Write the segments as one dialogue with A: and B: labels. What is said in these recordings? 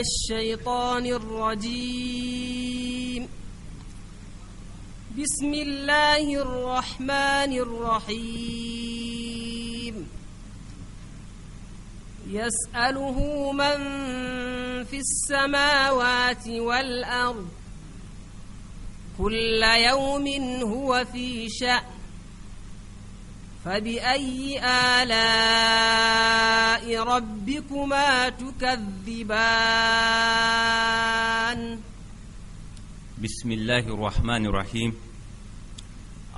A: الشيطان الرجيم بسم الله الرحمن الرحيم يسأله من في السماوات والأرض كل يوم هو في شأن فبأي آلاء ربكما
B: تكذبان بسم الله الرحمن الرحيم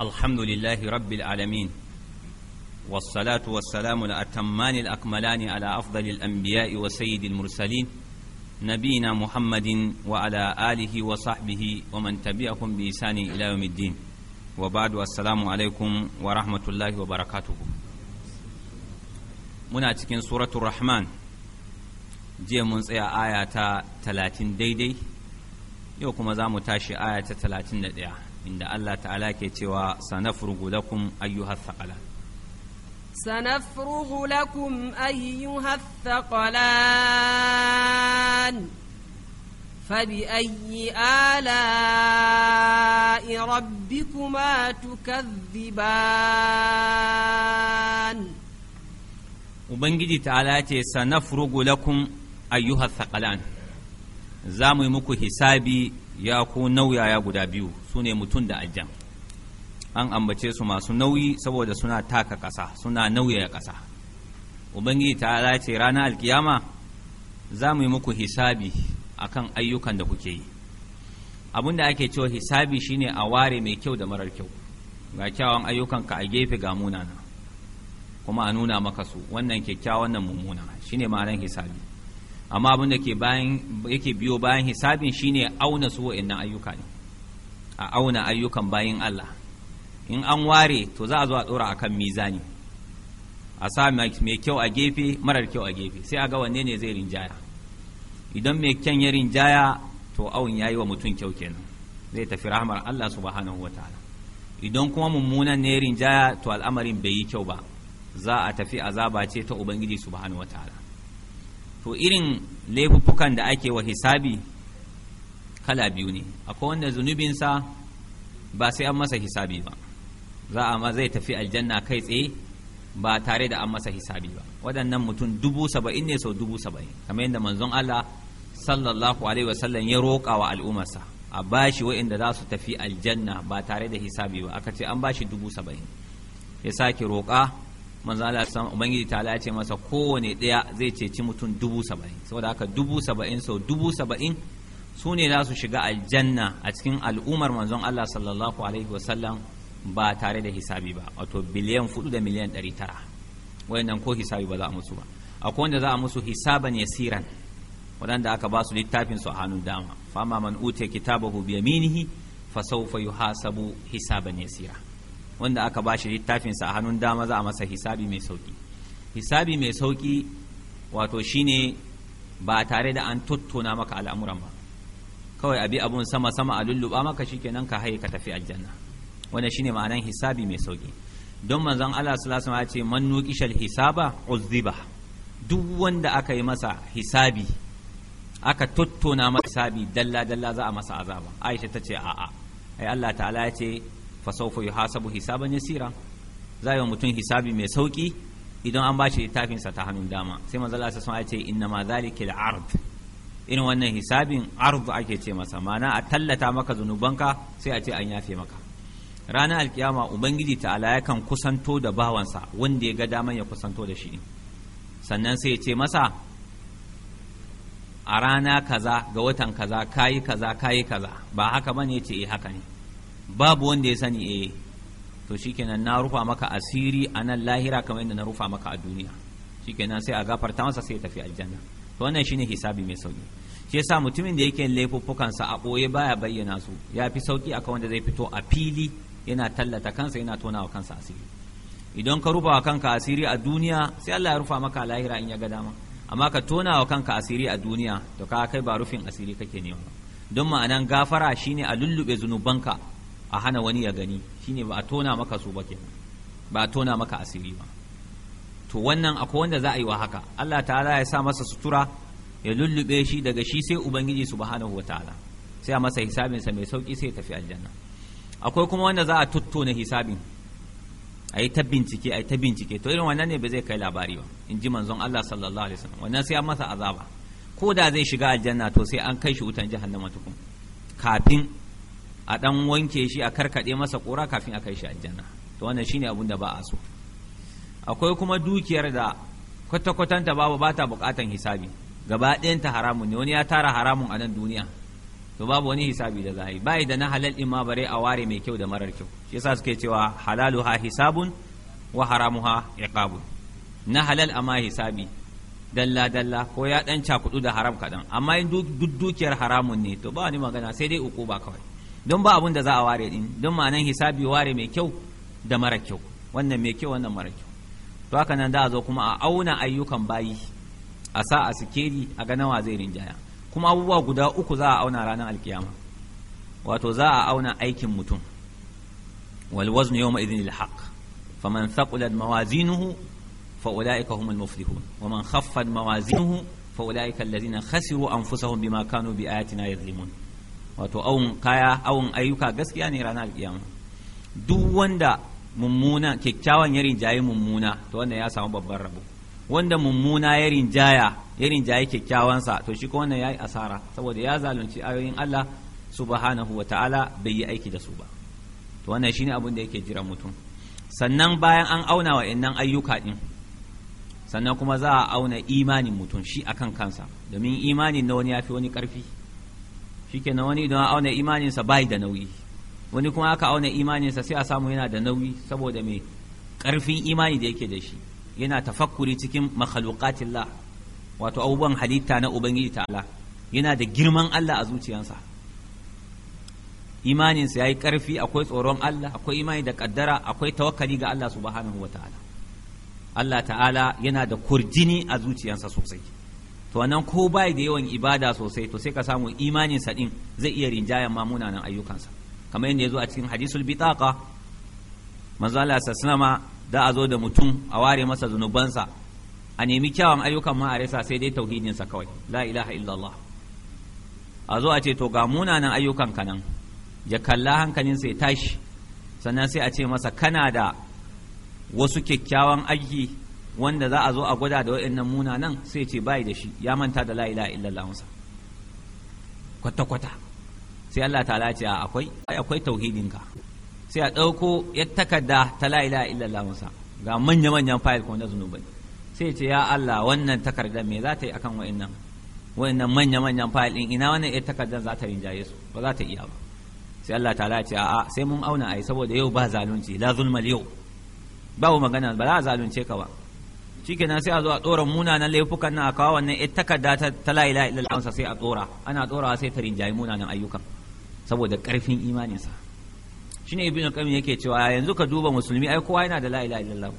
B: الحمد لله رب العالمين والصلاة والسلام الأتمان الأكملان على أفضل الأنبياء وسيد المرسلين نبينا محمد وعلى آله وصحبه ومن تبعهم بإحسان إلى يوم الدين wa ba'du assalamu alaikum wa rahmatullahi wa barakatuhu muna cikin suratul rahman jiya mun tsaya aya ta talatin daidai yau kuma za mu tashi aya ta talatin da ɗaya inda Allah ta'ala ke cewa sanafurgu lakum ayyuhar thaqala
A: sanafurgu lakum ayyuhar thaqalan فبأي آلاء ربكما تكذبان
B: Ubangiji Ala ce sanafrugu lakum ayyuha thaqalan za mu yi muku hisabi ya ku nauyaya guda biyu su ne mutum da ajjan an ambace su masu nauyi saboda suna taka ƙasa suna nauyaya ƙasa ubangiji Ala ce ranar alkiyama za mu yi muku hisabi akan ayyukan da kuke yi abin da ake cewa hisabi shine a ware mai kyau da marar kyau ga kyawun ka a gefe ga munana kuma a nuna maka su wannan kyakkyawan nan mummuna shine ma'anar hisabi amma abin da yake biyo bayan hisabin shine auna su wa'annan ayyuka ne a auna ayyukan bayan Allah in an ware to za a zo a ɗora akan mizani a sa mai kyau a gefe marar kyau a gefe sai a ga wanne ne zai rinjaya idan mai kyan ya rinjaya to awon yayi wa mutum kyau kenan zai tafi rahmar Allah subhanahu ta'ala idan kuma mummunan ne rinjaya to al'amarin bai yi kyau ba za a tafi azaba ce ta ubangiji subhanahu ta'ala to irin laifukan da ake wa hisabi kala biyu ne akwai wanda zunubinsa ba sai an masa hisabi ba za a ma zai tafi aljanna kai tsaye ba tare da an masa hisabi ba waɗannan mutum dubu saba'in ne sau dubu saba'in kamar yadda manzon Allah sallallahu alaihi wasallam ya roƙa wa al'ummarsa a bashi waɗanda za su tafi aljanna ba tare da hisabi ba aka ce an bashi dubu saba'in ya sake roƙa manzo Allah san ubangiji ta ya ce masa kowane ɗaya zai ceci mutum dubu saba'in saboda haka dubu saba'in sau dubu saba'in su ne za su shiga aljanna a cikin al'ummar manzon Allah sallallahu alaihi wasallam ba tare da hisabi ba wato biliyan fudu da miliyan ɗari tara wayannan ko hisabi ba za a musu ba akwai wanda za a musu hisaban yasiran waɗanda aka ba su littafin su a hannun dama fama man utiya kitabahu bi yaminihi fa sawfa yuhasabu hisaban yasira wanda aka ba shi littafin sa a hannun dama za a masa hisabi mai sauki hisabi mai sauki wato shine ba tare da an tattona maka al'amuran ba kawai abi abun sama sama a lulluɓa maka shikenan ka haye ka tafi aljanna wannan shine ma'anan hisabi mai sauki don manzon Allah sallallahu alaihi wasallam ya ce man nuqishal hisaba uzziba duk wanda aka yi masa hisabi aka tottona masa sabi dalla dalla za a masa azaba aisha ta ce a'a ai Allah ta'ala ya ce fa sawfa yuhasabu hisaban yasira za yi wa mutum hisabi mai sauki idan an bashi littafin sa ta hannun dama sai manzo Allah sai ya ce inna ma zalikal ard in wannan hisabin ard ake ce masa mana a tallata maka zunubanka sai a ce an yafe maka ranar alkiyama ubangiji ta'ala yakan kusanto da bawansa wanda ya ga daman ya kusanto da shi sannan sai ya ce masa a rana kaza ga watan kaza kayi kaza kayi kaza ba haka ba ne ce eh haka ne babu wanda ya sani eh to shikenan na rufa maka asiri a nan lahira kamar yadda na rufa maka a duniya shikenan sai a gafarta masa sai ya tafi aljanna to wannan shine hisabi mai sauki shi yasa mutumin da yake laifuffukansa a ɓoye baya bayyana su ya fi sauki akan wanda zai fito a fili yana tallata kansa yana tonawa kansa asiri idan ka rufa kanka asiri a duniya sai Allah ya rufa maka lahira in ya ga dama amma ka tona wa kanka asiri a duniya to ka kai ba rufin asiri kake nema don ma'anan gafara shine a lullube zunubanka a hana wani ya gani shine ba a tona maka su ba ke ba a tona maka asiri ba to wannan akwai wanda za a yi wa haka Allah ta'ala ya sa masa sutura ya lullube shi daga shi sai ubangiji subhanahu wataala sai a masa hisabinsa mai sauki sai ya tafi aljanna akwai kuma wanda za a tattona hisabin a yi ta bincike a yi ta bincike to irin wannan ne ba zai kai labari ba in ji manzon Allah sallallahu alaihi wasallam wannan sai an masa azaba ko da zai shiga aljanna to sai an kai shi wutan jahannama tukun kafin a dan wanke shi a karkade masa kura kafin a kai shi aljanna to wannan shine abun da ba a so akwai kuma dukiyar da kwata-kwatanta babu ba ta bukatan hisabi gaba ta haramun ne wani ya tara haramun a nan duniya to babu wani hisabi da za a bai da na halal ɗin ma bare a ware mai kyau da marar kyau shi yasa suke cewa ha hisabun wa haramu haramuha iqabun na halal amma hisabi dalla dalla ko ya dan cakudu da haram kadan amma in duk dukiyar haramun ne to ba ni magana sai dai uku ba kawai don ba abun da za a ware din don ma'anan hisabi ware mai kyau da mara kyau wannan mai kyau wannan mara kyau to haka nan da a zo kuma a auna ayyukan bayi a sa a sikeli a ga nawa zai rinjaya kuma abubuwa guda uku za a auna ranar alkiyama wato za a auna aikin mutum wal waznu yawma idhin al haqq faman thaqulat mawazinuhu فأولئك هم المفلحون ومن خفت موازينه فأولئك الذين خسروا أنفسهم بما كانوا بآياتنا يظلمون wato awon kaya awon ayyuka gaskiya ne ranar kiyama duk wanda mummuna kyakkyawan ya rinjaye mummuna to wannan ya samu babban rabo wanda mummuna ya rinjaya ya rinjaye kyakkyawansa to shi ko wannan yayi asara saboda ya zalunci ayoyin Allah subhanahu taala bai yi aiki da su ba to wannan shine abin da yake jiran mutum sannan bayan an auna wa ayyuka din sannan kuma za a auna imanin mutum shi akan kansa domin imanin na wani ya fi wani ƙarfi na wani idan auna imaninsa bai da nauyi wani kuma aka auna imaninsa sai a samu yana da nauyi saboda mai ƙarfin imani da yake da shi yana tafakkuri cikin makhluqatillah wato abubuwan halitta na ubangiji ta'ala yana da girman Allah a zuciyansa imaninsa yayi ƙarfi akwai tsoron Allah akwai imani da kaddara akwai tawakkali ga Allah subhanahu wataala Allah ta'ala yana da kurjini a zuciyarsa sosai to nan ko bai da yawan ibada sosai to sai ka samu imanin sa din zai iya rinjayan ma munanan ayyukansa kamar yadda zo a cikin hadisul bitaqa manzo Allah sallama da a zo da mutum a ware masa zunubansa a nemi kyawun ayyukan ma a resa sai dai tauhidin sa kawai la ilaha illallah a zo a ce to ga munanan ayyukan ka nan ya kalla hankalin sai tashi sannan sai a ce masa kana da wasu kyakkyawan aiki wanda za a zo a gwada da waɗannan munanan sai ce bai da shi ya manta da la ilaha illallah musa kwata kwata sai Allah ta'ala ce akwai akwai tauhidinka sai a ɗauko ya takarda ta la ilaha illallah musa ga manya manyan fayil kuma na zunubai sai ce ya Allah wannan takardar me za ta yi akan waɗannan waɗannan manya manyan fayil din ina wannan ya takardar za ta rinjaye su ba za ta iya ba sai Allah ta'ala ce a sai mun auna ai saboda yau ba zalunci la zulmal yau babu magana ba za a zalunce ka ba kenan sai a zo a tsoron munanan laifukan nan a kawo wannan ita takarda ta la ilaha illallah sai a tsora ana tsora sai ta rinjayi munanan ayyukan saboda karfin imaninsa shine ibnu qayyim yake cewa yanzu ka duba musulmi ai kowa yana da la ilaha illallah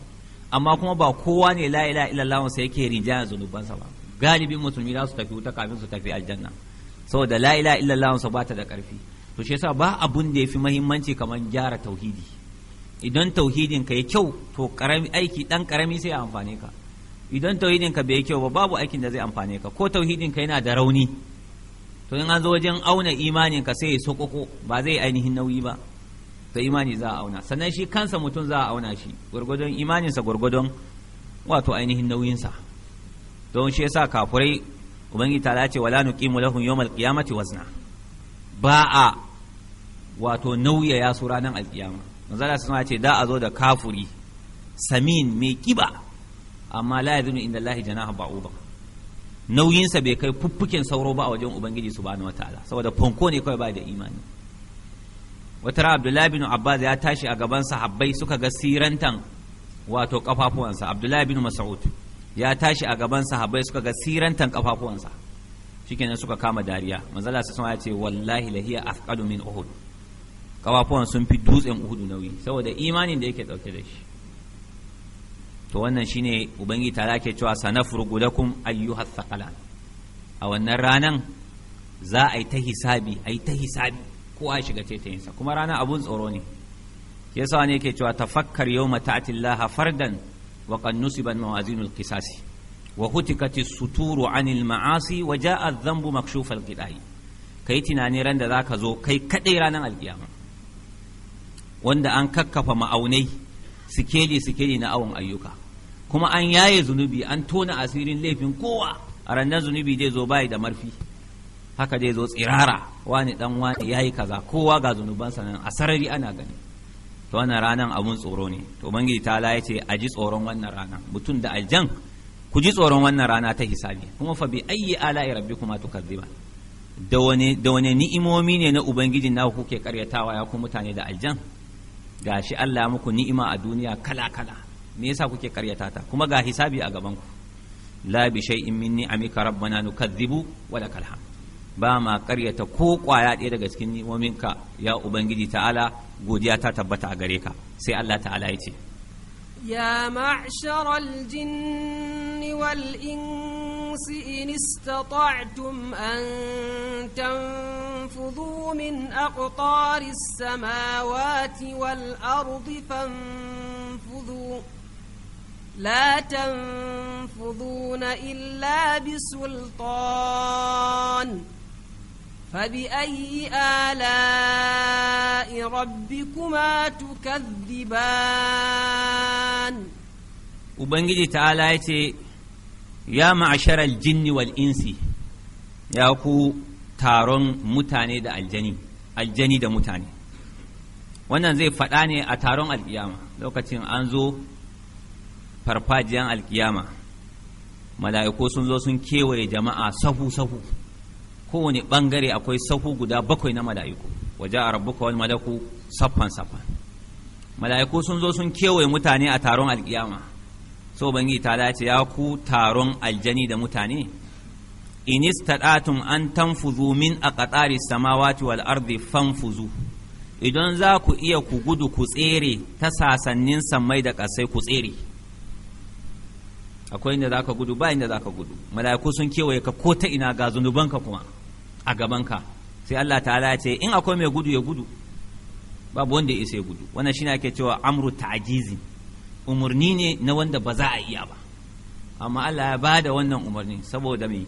B: amma kuma ba kowa ne la ilaha illallah sai yake zanuban sa ba galibin musulmi za su tafi wuta kafin su tafi aljanna saboda la ilaha illallah sa ba ta da karfi to shi yasa ba abun da yafi muhimmanci kamar gyara tauhidi idan tauhidin ka ya kyau to karami aiki dan karami sai ya amfane ka idan tauhidin ka bai kyau ba babu aikin da zai amfane ka ko tauhidin ka yana da rauni to in an zo wajen auna imanin ka sai ya sokoko ba zai ainihin nauyi ba to imani za a auna sannan shi kansa mutum za a auna shi gwargwadon imaninsa gwargwadon wato ainihin nauyinsa don shi yasa kafurai ubangi ta ce wala nuqimu lahum yawmal qiyamati wazna ba a wato nauya ya su ranar alkiyama manzala su ce da a zo da kafuri samin mai kiba amma la yazunu inda Allah janaha ba ba'uba nauyinsa bai kai fuffuken sauro ba a wajen ubangiji subhanahu wataala saboda fanko ne kawai ba da imani wata ra abdullahi bin abbas ya tashi a gaban sahabbai suka ga sirantan wato kafafuwansa abdullahi bin mas'ud ya tashi a gaban sahabbai suka ga sirantan kafafuwansa shikenan suka kama dariya manzala su ya ce wallahi lahiya afqalu min uhud kafafuwan sun fi dutsen uhudu nauyi saboda imanin da yake dauke da shi to wannan shine ubangi ta ke cewa sanafurgu lakum ayyuhas saqalan a wannan ranan za a yi ta hisabi a yi ta hisabi kowa shiga taitayinsa kuma rana abun tsoro ne yasa ne ke cewa tafakkar mata ta'tillaha fardan wa qad nusiban mawazinul qisasi wa hutikati suturu anil ma'asi wa ja'a zambu dhanbu makshufal qidahi kai tunani ran da ka zo kai kaɗai ranan alkiyama wanda an kakkafa ma'aunai sikeli sikeli na awon ayyuka kuma an yaye zunubi an tona asirin laifin kowa a rannan zunubi zai zo bayi da marfi haka zai zo tsirara wani dan wani yayi kaza kowa ga zunubansa nan a sarari ana gani to wannan ranan abun tsoro ne to bangiji ta ya ce a ji tsoron wannan rana mutum da aljan ku ji tsoron wannan rana ta hisabi kuma fa bi ayyi ala'i rabbikuma tukadziban da wani da wani ni'imomi ne na ubangijin naku kuke karyatawa ya ku mutane da aljan gashi Allah muku ni'ima a duniya kala kala me yasa kuke karyata ta kuma ga hisabi a gaban ku la bi shay'in min ni'amika rabbana nukadzibu wa lakal ba ma karyata ko kwaya ɗaya daga cikin ni'ominka ya ubangiji ta'ala godiya ta tabbata a gare ka sai Allah ta'ala ya ce
A: ya ma'sharal jinni wal insi الشمس إن استطعتم أن تنفذوا من أقطار السماوات والأرض فانفذوا لا تنفذون إلا بسلطان فبأي آلاء ربكما تكذبان
B: Ubangiji ta'ala ya ce ya ma'asharar jinni wal insi ya ku taron mutane da aljani aljani da mutane wannan zai faɗa ne a taron alkiyama lokacin an zo farfajiyan alkiyama mala'iku sun zo sun kewaye jama'a sahu sahu kowane ɓangare akwai sahu guda bakwai na mala'iku waje a rabbuka wal malaku saffan saffan mala'iku sun zo sun kewaye mutane a taron alkiyama so bangi ta dace ya ku taron aljani da mutane inis istadatun an tanfuzu min aqtari samawati wal ardi fanfuzu idan za ku iya ku gudu ku tsere ta sasannin sammai da ƙasai ku tsere akwai inda za ka gudu ba inda za ka gudu mala'iku sun kewaye ka ko ta ina ga zunubanka kuma a gabanka sai Allah ta'ala ya ce in akwai mai gudu ya gudu babu wanda ya isa ya gudu wannan shine ake cewa amru ta'jizi umarni ne na wanda ba za a iya ba amma Allah ya bada wannan umarni saboda me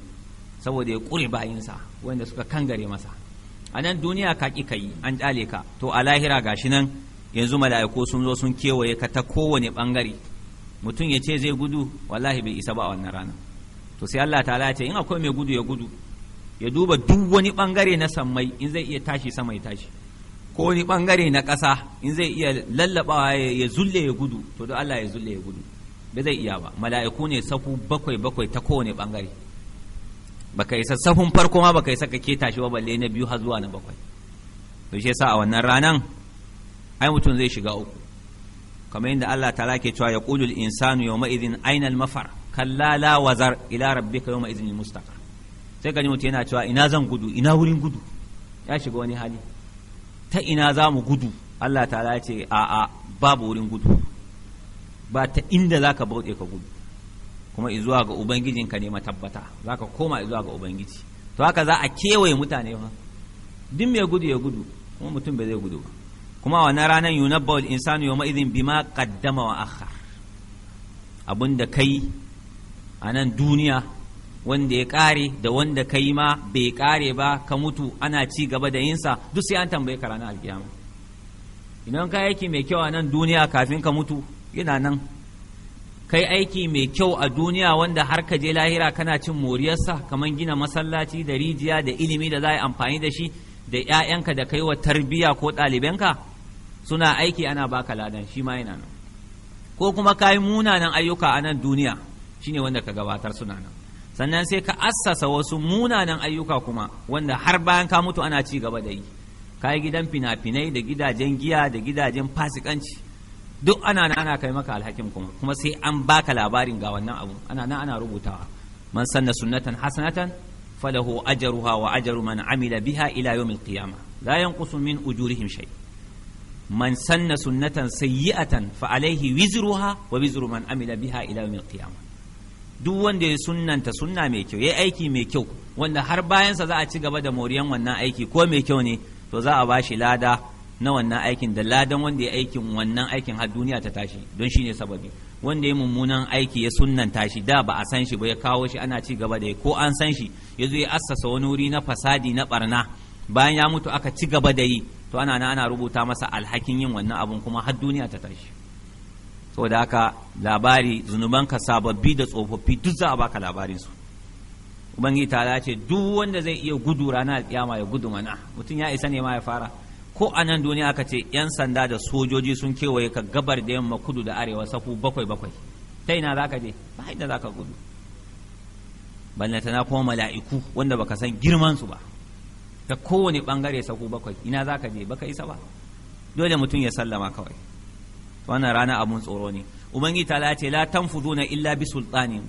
B: saboda ya ƙure bayinsa wanda suka kangare masa a nan duniya ka ƙi kai an ƙyale ka to a lahira gashi nan yanzu mala'iku sun zo sun kewaye ka ta kowane bangare mutum ya ce zai gudu wallahi bai isa ba a wannan rana to sai Allah ta'ala ce in akwai mai gudu ya gudu ya duba duk wani bangare na sammai in zai iya tashi sama ya tashi ko wani bangare na kasa in zai iya lallabawa ya zulle ya gudu to don Allah ya zulle ya gudu ba zai iya ba mala'iku ne safu bakwai bakwai ta kowane bangare baka isa safun farko ma baka isa ka keta shi ba balle na biyu har zuwa na bakwai to shi yasa a wannan ranan ai mutum zai shiga uku kamar yadda Allah ta ke cewa ya qulul insanu yawma idhin aina al-mafar kalla la wazar ila rabbika yawma idhin al-mustaqar sai ka mutum yana cewa ina zan gudu ina wurin gudu ya shiga wani hali ta ina za mu gudu Allah ta'ala ce a'a babu wurin gudu ba ta inda za ka bauɗe ka gudu kuma izuwa ga ubangijinka ne matabbata za ka koma izuwa ga ubangiji to haka za a kewaye mutane ba duk mai gudu ya gudu kuma mutum bai zai gudu ba kuma wannan ranar yunabbaul insanu yawma bi bima qaddama wa akhar abinda kai a nan duniya wanda ya kare da wanda ka yi ma bai kare ba ka mutu ana ci gaba da yinsa duk sai an tambaye ka ranar alkiyama idan ka aiki mai kyau a nan duniya kafin ka mutu yana nan kai aiki mai kyau a duniya wanda har ka je lahira kana cin moriyarsa kamar gina masallaci da rijiya da ilimi da za a amfani da shi da 'ya'yanka da kai wa tarbiyya ko ɗalibanka suna aiki ana baka ladan shi ma yana nan ko kuma ka munanan ayyuka a nan duniya shine wanda ka gabatar suna nan sannan sai ka assasa wasu munanan ayyuka kuma wanda har bayan ka mutu ana ci gaba da yi ka yi gidan fina-finai da gidajen giya da gidajen fasikanci duk ana nan ana kai maka alhakin kuma kuma sai an baka labarin ga wannan abu ana nan ana rubutawa man sanna sunnatan hasanatan falahu ajruha wa ajru man amila biha ila yawmil qiyamah la yanqusu min ujurihim shay man sanna sunnatan sayyi'atan fa alayhi wizruha wa wizru man amila biha ila yawmil qiyamah duk wanda ya sunanta sunna mai kyau ya aiki mai kyau wanda har bayansa za a ci gaba da moriyan wannan aiki ko mai kyau ne to za a ba shi lada na wannan aikin da ladan wanda ya aikin wannan aikin har duniya ta tashi don shi ne sababi wanda ya mummunan aiki ya sunnanta shi da ba a san shi ba ya kawo shi ana ci gaba da ko an san shi ya zo ya assasa wani wuri na fasadi na barna bayan ya mutu aka ci gaba da yi to ana ana rubuta masa alhakin yin wannan abun kuma har duniya ta tashi saboda haka labari ka sababbi da tsofaffi duk za a baka labarin su ubangiji ta ce duk wanda zai iya gudu rana kiyama ya gudu mana mutum ya isa ne ma ya fara ko a nan duniya aka ce yan sanda da sojoji sun kewaye ka gabar da yamma kudu da arewa safu bakwai bakwai ta ina za ka je ba inda za ka gudu tana kuma mala'iku wanda baka san girman su ba ta kowane bangare safu bakwai ina za ka je baka isa ba dole mutum ya sallama kawai wannan rana abun tsoro ne ubangi ta ce la tanfuduna illa bi sultani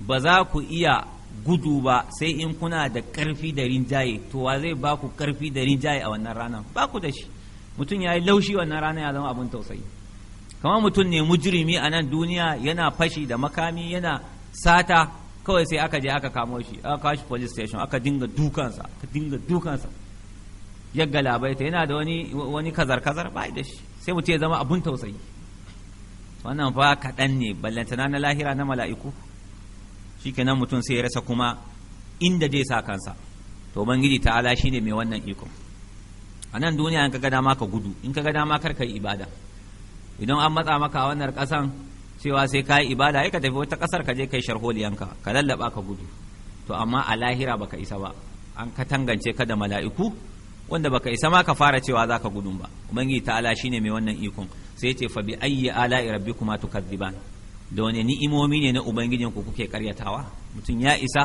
B: ba za ku iya gudu ba sai in kuna da karfi da rinjaye to wa zai ba ku karfi da rinjaye a wannan ranar ba ku da shi mutum ya yi laushi wannan rana ya zama abun tausayi kamar mutum ne mujrimi a nan duniya yana fashi da makami yana sata kawai sai aka je aka kamo shi aka kawo shi police station aka dinga dukansa aka dinga dukansa ya galabaita yana da wani wani kazar kazar bai da shi sai mutum ya zama abun tausayi wannan fa kaɗan ne ballantana na lahira na mala'iku nan mutum sai ya rasa kuma inda zai sa kansa to Ala shi ne mai wannan iko. a nan duniya in ka ga dama ka gudu in ka ga dama kar ka yi ibada idan an matsa maka a wannan kasan cewa sai ka yi ibada ai ka tafi wata kasar ka je kai sharholiyanka ka lallaba ka gudu to amma a lahira baka isa ba an katangance ka da mala'iku wanda baka isa ma ka fara cewa zaka gudun ba ubangiji ta'ala shine mai wannan ikon sai ce fa bi ayyi ala'i rabbikuma tukadziban da wani ni'imomi ne na ubangijin ku kuke karyatawa mutum ya isa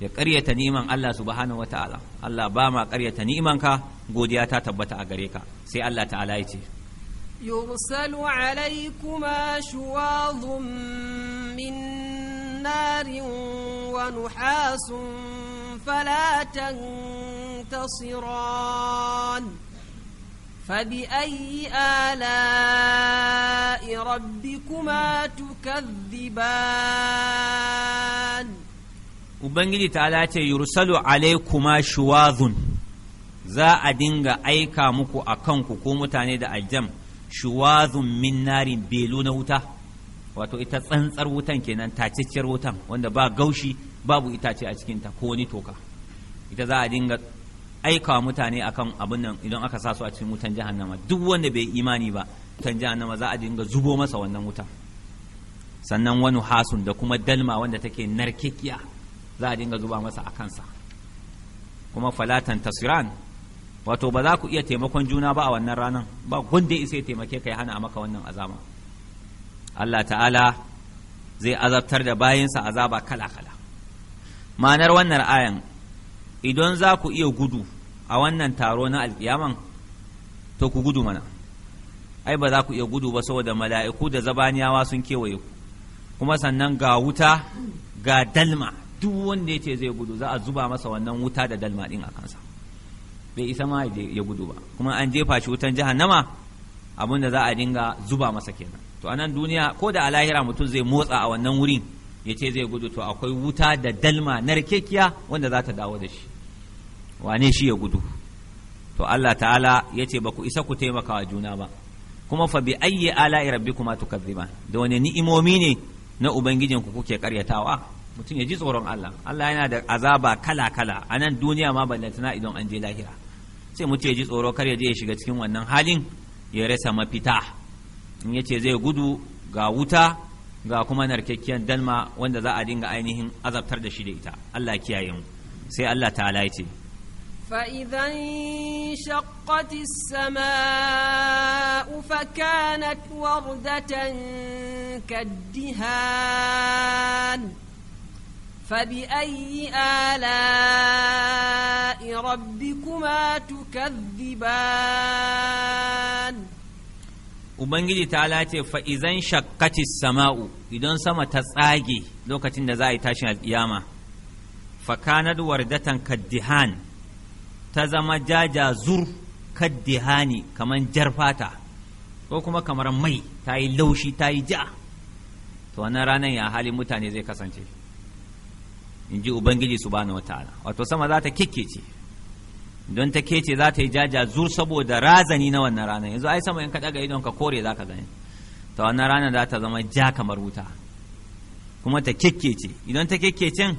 B: ya karyata ni'iman Allah subhanahu wataala Allah ba ma karyata ni'iman ka godiya ta tabbata a gare ka sai Allah ta'ala ya ce
A: يرسل عليكما شواظ من نار ونحاس فلا تنقى ينتصران فبأي آلاء ربكما تكذبان
B: Ubangiji ta ce alaikuma shuwazun za a dinga aika muku a kanku ko mutane da aljam shuwazun min narin belu na wuta wato ita tsantsar wutan kenan tacacciyar wutan wanda ba gaushi babu itace a cikinta ko wani toka ita za a dinga Aikawa mutane akan abin nan idan aka sa su a cikin wutan jahannama duk wanda bai imani ba wutan jahannama za a dinga zubo masa wannan wutan sannan wani hasun da kuma dalma wanda take narkekiya za a dinga zuba masa a kansa kuma falatan tasiran wato ba za ku iya taimakon juna ba a wannan ranar ba gunda isa ya taimake ka ya hana maka wannan azama Allah ta'ala zai azabtar da bayansa azaba kala-kala ma'anar wannan ayan idan za ku iya gudu a wannan taro na alkiyaman to ku gudu mana ai ba za ku iya gudu ba saboda mala'iku da zabaniyawa sun kewaye ku kuma sannan ga wuta ga dalma duk wanda ya ce zai gudu za a zuba masa wannan wuta da dalma din a kansa bai isa ma ya gudu ba kuma an jefa shi wutan jahannama abin da za a dinga zuba masa kenan to anan duniya ko da a lahira mutum zai motsa a wannan wurin ya ce zai gudu to akwai wuta da dalma narkekiya wanda za ta dawo da shi wane shi ya gudu to Allah ta'ala ya ce ba ku isa ku taimaka wa juna ba kuma fa bi ayyi ala'i rabbikuma tukazziba da wani ni'imomi ne na ubangijin ku kuke karyatawa mutum ya ji tsoron Allah Allah yana da azaba kala kala a nan duniya ma tana idan an je lahira sai mutum ya ji tsoro kar ya je ya shiga cikin wannan halin ya rasa mafita in ya ce zai gudu ga wuta ga kuma narkakkiyar dalma wanda za a dinga ainihin azabtar da shi da ita Allah kiyaye mu sai Allah ta'ala ya ce
A: فإذا انشقت السماء فكانت وردة كالدهان فبأي آلاء ربكما تكذبان
B: Ubangiji ta lace fa'izan shakkatis sama'u idan sama ta tsage lokacin da za a yi tashin al'iyama, fakanad wardatan kaddihan ta zama jaja zur kaddihani kaman jar fata ko kuma kamar mai ta yi laushi ta yi ja to wannan ranar ya hali mutane zai kasance in ji ubangiji su bani wataala wato sama za ta kikkece don ta kece za ta yi jaja zur saboda razani na wannan ranar yanzu ai sama in ka daga idon ka kore za ka gani to wannan ranar za ta zama ja kamar wuta kuma ta kikkece idan ta kikkecen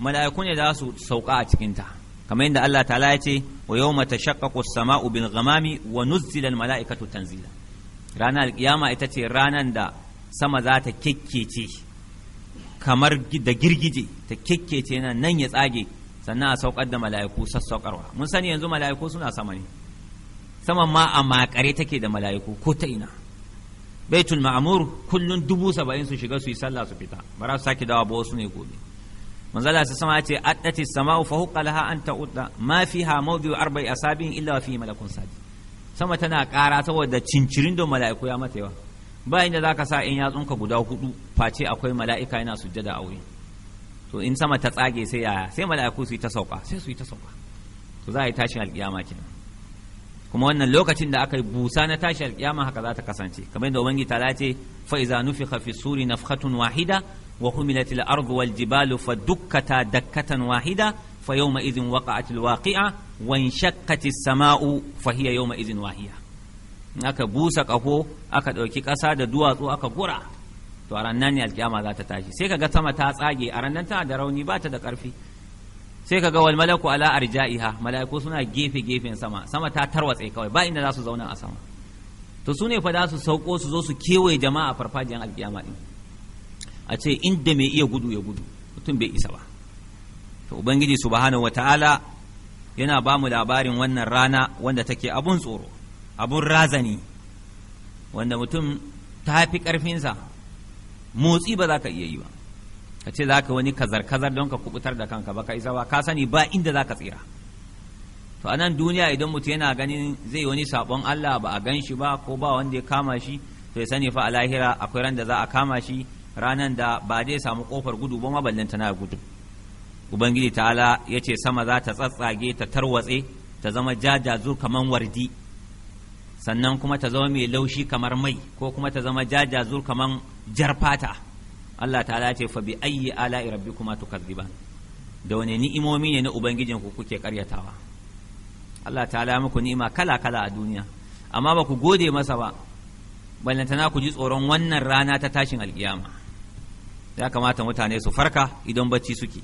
B: mala'iku ne za su sauka a cikinta kamar yadda Allah Ta ya ce wa yawma tashaqqaqu as-sama'u ubin gamami wa nuzzila mala'ikatu tanzila rana alkiyama ita ce ranar da sama za ta kekkece kamar da girgije ta kekkece nan nan ya tsage sannan a saukar da mala'iku sassaukarwa mun sani yanzu mala'iku suna sama ne saman ma a makare take da mala'iku ko ta ina baitul ma'amur kullun dubu saba'in su shiga su yi sallah su fita ba za su sake dawa ba wasu ne gobe manzala sai sama ce addati sama'u fa huqa laha an ta'udda ma fiha mawdi'u arba'i asabin illa fi malakun sadi sama tana kara saboda cincirin da mala'iku ya mata yawa ba inda zaka sa in yatsunka guda hudu face akwai mala'ika yana sujjada a wurin to in sama ta tsage sai yaya sai mala'iku su yi ta sauka sai su yi ta sauka to za a yi tashin alkiyama kenan kuma wannan lokacin da aka yi busa na tashi alkiyama haka za ta kasance kamar yadda ubangiji ta lace fa iza nufikha fi suri nafhatun wahida wa humilatil ardu wal jibalu fa dukkata dakkatan wahida fa yawma idhin waqa'atil waqi'a wa inshaqqatis sama'u fa hiya yawma idhin wahiya aka busa kaho aka dauki ƙasa da duwatsu aka gura to a ranar ne alkiyama za tashi sai kaga sama ta tsage a ranar tana da rauni ba da karfi sai kaga wal malaku ala arja'iha mala'iku suna gefe gefen sama sama ta tarwatse kawai ba inda za su zauna a sama to su ne fa za su sauko su zo su kewaye jama'a farfajiyan alkiyama ɗin. a ce inda mai iya gudu ya gudu mutum bai isa ba to ubangiji subhanahu wataala yana ba mu labarin wannan rana wanda take abun tsoro abun razani wanda mutum ta fi ƙarfinsa motsi ba za ka iya yi ba ka ce za ka wani kazar-kazar don ka kubutar da kanka ba ka isa ba ka sani ba inda za ka tsira to a nan duniya idan mutum yana ganin zai wani sabon Allah ba a gan shi ba ko ba wanda ya kama shi to ya sani fa a lahira akwai ran da za a kama shi ranan da ba zai samu kofar gudu ba maballanta na gudu ubangiji ta'ala ya ce sama za ta tsatsage ta tarwatse ta zama jajazu kamar wardi sannan kuma ta zama mai laushi kamar mai ko kuma ta zama jajazu kamar jarfata jarfata Allah ta'ala ce fa bi ayyi ala'i rabbikuma tukadziban da wani ni'imomi ne na ubangijin ku kuke karyatawa Allah ta'ala muku ni'ima kala kala a duniya amma ba ku gode masa ba ballantana ku ji tsoron wannan rana ta tashin alkiyama ya kamata mutane su farka idan bacci suke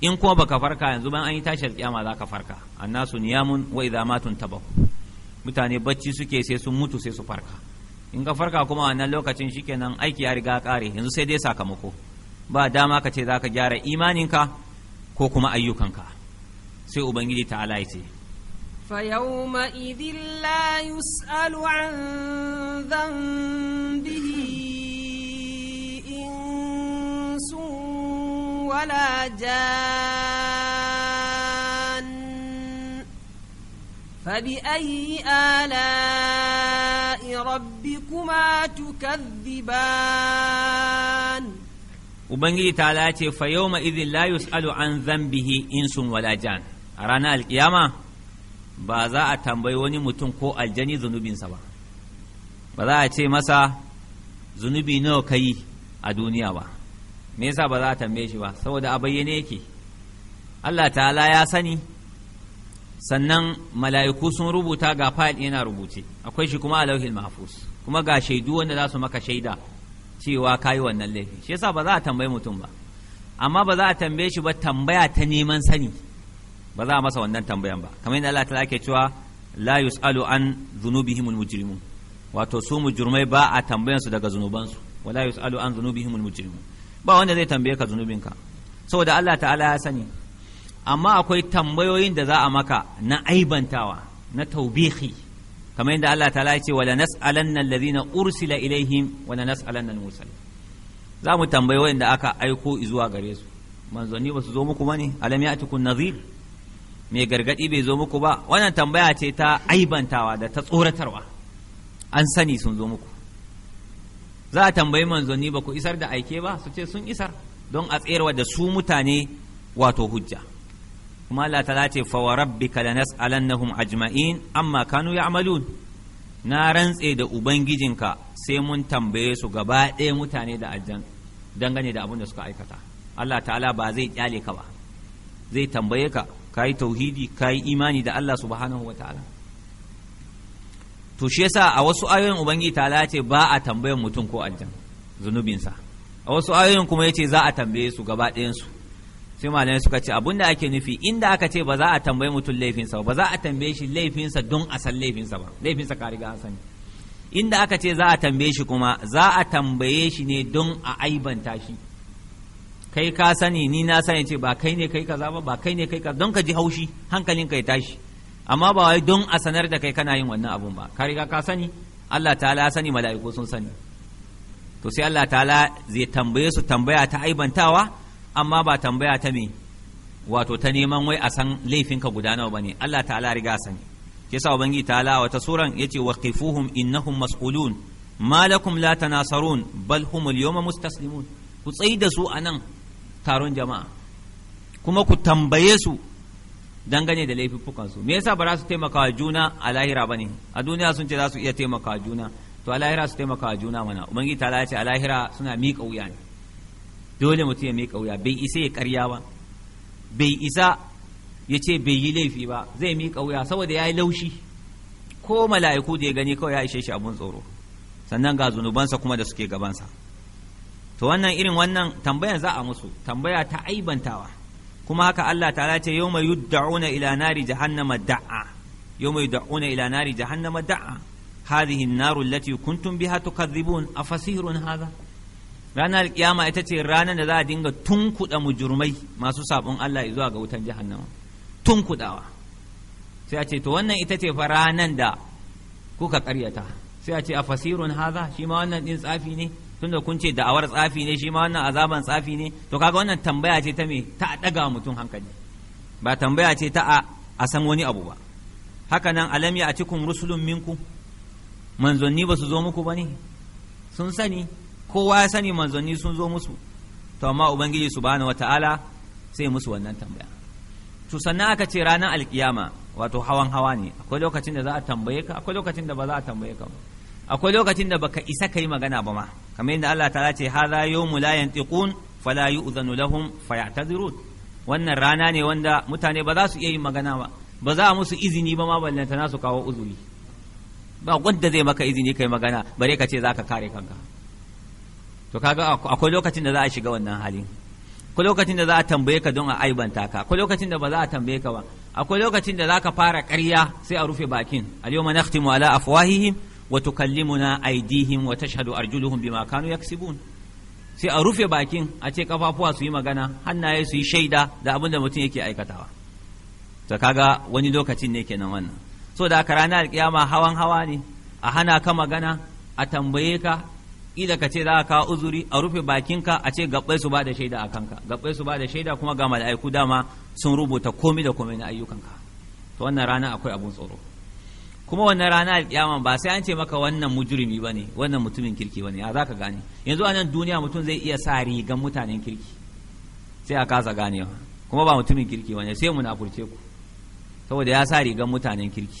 B: in kuma baka farka yanzu ban an yi tashi alƙiyama za ka farka annasu niyamun wa idza matun tabahu mutane bacci suke sai sun mutu sai su farka in ka farka kuma wannan lokacin shikenan aiki ya riga kare yanzu sai dai sakamako ba dama ka ce za ka gyara imaninka ko kuma ayyukan ka sai ubangiji ta ya ce
A: فيومئذ لا يسأل عن ذنبه ولا جان فبأي آلاء ربكما تكذبان
B: Ubangiji ta lace fa yau ma izin la yus'alu an zambihi insun wala jan a ranar alkiyama ba za a tambayi wani mutum ko aljani zunubinsa ba ba za a ce masa zunubi nawa ka yi a duniya ba me yasa ba za a tambaye shi ba saboda a bayyane yake Allah ta'ala ya sani sannan mala'iku sun rubuta ga fayil yana rubuce akwai shi kuma a lauhin mahfuz kuma ga shaidu wanda za su maka shaida cewa ka yi wannan laifi shi yasa ba za a tambaye mutum ba amma ba za a tambaye shi ba tambaya ta neman sani ba za a masa wannan tambayan ba kamar yadda Allah ta'ala ke cewa la yus'alu an dhunubihimul mujrimun wato su mujrimai ba a tambayan su daga zunubansu wala yus'alu an dhunubihimul mujrimun ba wanda zai tambaye ka zunubinka saboda Allah ta'ala ya sani amma akwai tambayoyin da za a maka na aibantawa na taubihi kamar yadda Allah ta'ala ya ce wala nas'alanna alladhina ursila ilaihim wala nas'alanna al-mursal za mu tambayi wanda aka aiko zuwa gare su manzanni ba su zo muku bane alam ya'tikum nadhir mai gargadi bai zo muku ba wannan tambaya ce ta aibantawa da ta tsoratarwa an sani sun zo muku za a tambayi manzanni ba ku isar da aike ba su ce sun isar don a tsayarwa da su mutane wato hujja kuma Allah ta ce fa wa rabbika lanas'alannahum ajma'in amma kanu ya'malun na rantse da ubangijinka sai mun tambaye su gaba ɗaya mutane da aljan dangane da abin da suka aikata Allah ta'ala ba zai kyale ka ba zai tambaye ka kai tauhidi kai imani da Allah subhanahu wa ta'ala to shi yasa a wasu ayoyin ubangiji ta ce ba a tambayan mutum ko aljan zunubinsa a wasu ayoyin kuma yace za a tambaye su gaba ɗayansu sai malamai suka ce abin da ake nufi inda aka ce ba za a tambaye mutum laifinsa ba za a tambaye shi laifinsa don a san laifinsa ba laifinsa ka riga an sani inda aka ce za a tambaye shi kuma za a tambaye shi ne don a aibanta shi kai ka sani ni na sani ce ba kai ne kai kaza ba ba kai ne kai kaza don ka ji haushi hankalinka ya tashi amma ba wai don a sanar da kai kana yin wannan abun ba ka riga ka sani Allah ta'ala sani mala'iku sun sani to sai Allah ta'ala zai tambaye su tambaya ta aibantawa amma ba tambaya ta me wato ta neman wai a san ka guda nawa bane Allah ta'ala riga sani ke sa ubangi ta'ala wata suran yace waqifuhum innahum mas'ulun ma lakum la tanasarun bal humul yawma mustaslimun ku tsayi da su anan taron jama'a kuma ku tambaye su dangane da laifuffukan su me yasa ba za su taimaka wa juna a lahira bane a duniya sun ce za su iya taimaka wa juna to a lahira su taimaka wa juna mana ubangiji ta ce a lahira suna miƙa wuya ne dole mutum ya miƙa wuya bai isa ya karya ba bai isa ya ce bai yi laifi ba zai miƙa wuya saboda ya yi laushi ko mala'iku da ya gani kawai ya ishe shi abun tsoro sannan ga zunubansa kuma da suke gabansa to wannan irin wannan tambayan za a musu tambaya ta aibantawa kuma haka Allah ta'ala ce yau mai yud'una ila nari jahannama da'a yau mai yud'una ila nari jahannama da'a hadhihi an-nar allati kuntum biha tukadhibun afasirun hadha ranar alkiyama ita ce ranar da za a dinga tunkuda mujurmai masu sabon Allah zuwa ga wutan jahannama tunkudawa sai a ce to wannan ita ce fa ranar da kuka karyata sai a ce afasirun hadha shi ma wannan din tsafi ne tunda kun ce da'awar tsafi ne shi ma wannan azaban tsafi ne to kaga wannan tambaya ce ta me ta daga mutum hankali ba tambaya ce ta a a san wani abu ba haka nan alam ya atikum rusulun minkum manzanni ba su zo muku ba ne sun sani kowa ya sani manzanni sun zo musu to amma ubangiji subhanahu wataala sai musu wannan tambaya to sannan aka ce ranar alkiyama wato hawan hawa ne akwai lokacin da za a tambaye ka akwai lokacin da ba za a tambaye ka ba akwai lokacin da baka isa kai magana ba ma kamar yadda Allah ta'ala ce hadha yawmu la yantiqun fala yu'zanu lahum fayatazirun wannan rana ne wanda mutane ba za su iya yin magana ba ba za a musu izini ba ma ballanta na su kawo uzuri ba wanda zai maka izini kai magana bare ka ce za ka kare kanka to kaga akwai lokacin da za a shiga wannan hali akwai lokacin da za a tambaye ka don a aibanta ka akwai lokacin da ba za a tambaye ka ba akwai lokacin da za ka fara ƙarya sai a rufe bakin al yawma nakhtimu ala afwahihim wa tukallimuna aydihim wa tashhadu arjuluhum bima kanu yaksibun sai a rufe bakin a ce kafafuwa su yi magana hannaye su yi shaida da abin da mutum yake aikatawa to kaga wani lokacin ne kenan wannan so da aka ranar alkiyama hawan hawa ne a hana ka magana a tambaye ka ila ka ce za ka uzuri a rufe bakinka a ce gabbai su ba shaida a kanka gabbai su ba da shaida kuma ga mala'iku dama sun rubuta komai da komai na ayyukanka to wannan rana akwai abun tsoro kuma wannan rana alkiyama ba sai an ce maka wannan mujrimi bane wannan mutumin kirki bane a zaka gane yanzu a duniya mutum zai iya sa rigan mutanen kirki sai a kasa ganewa kuma ba mutumin kirki bane sai munafurce ku saboda ya sa rigan mutanen kirki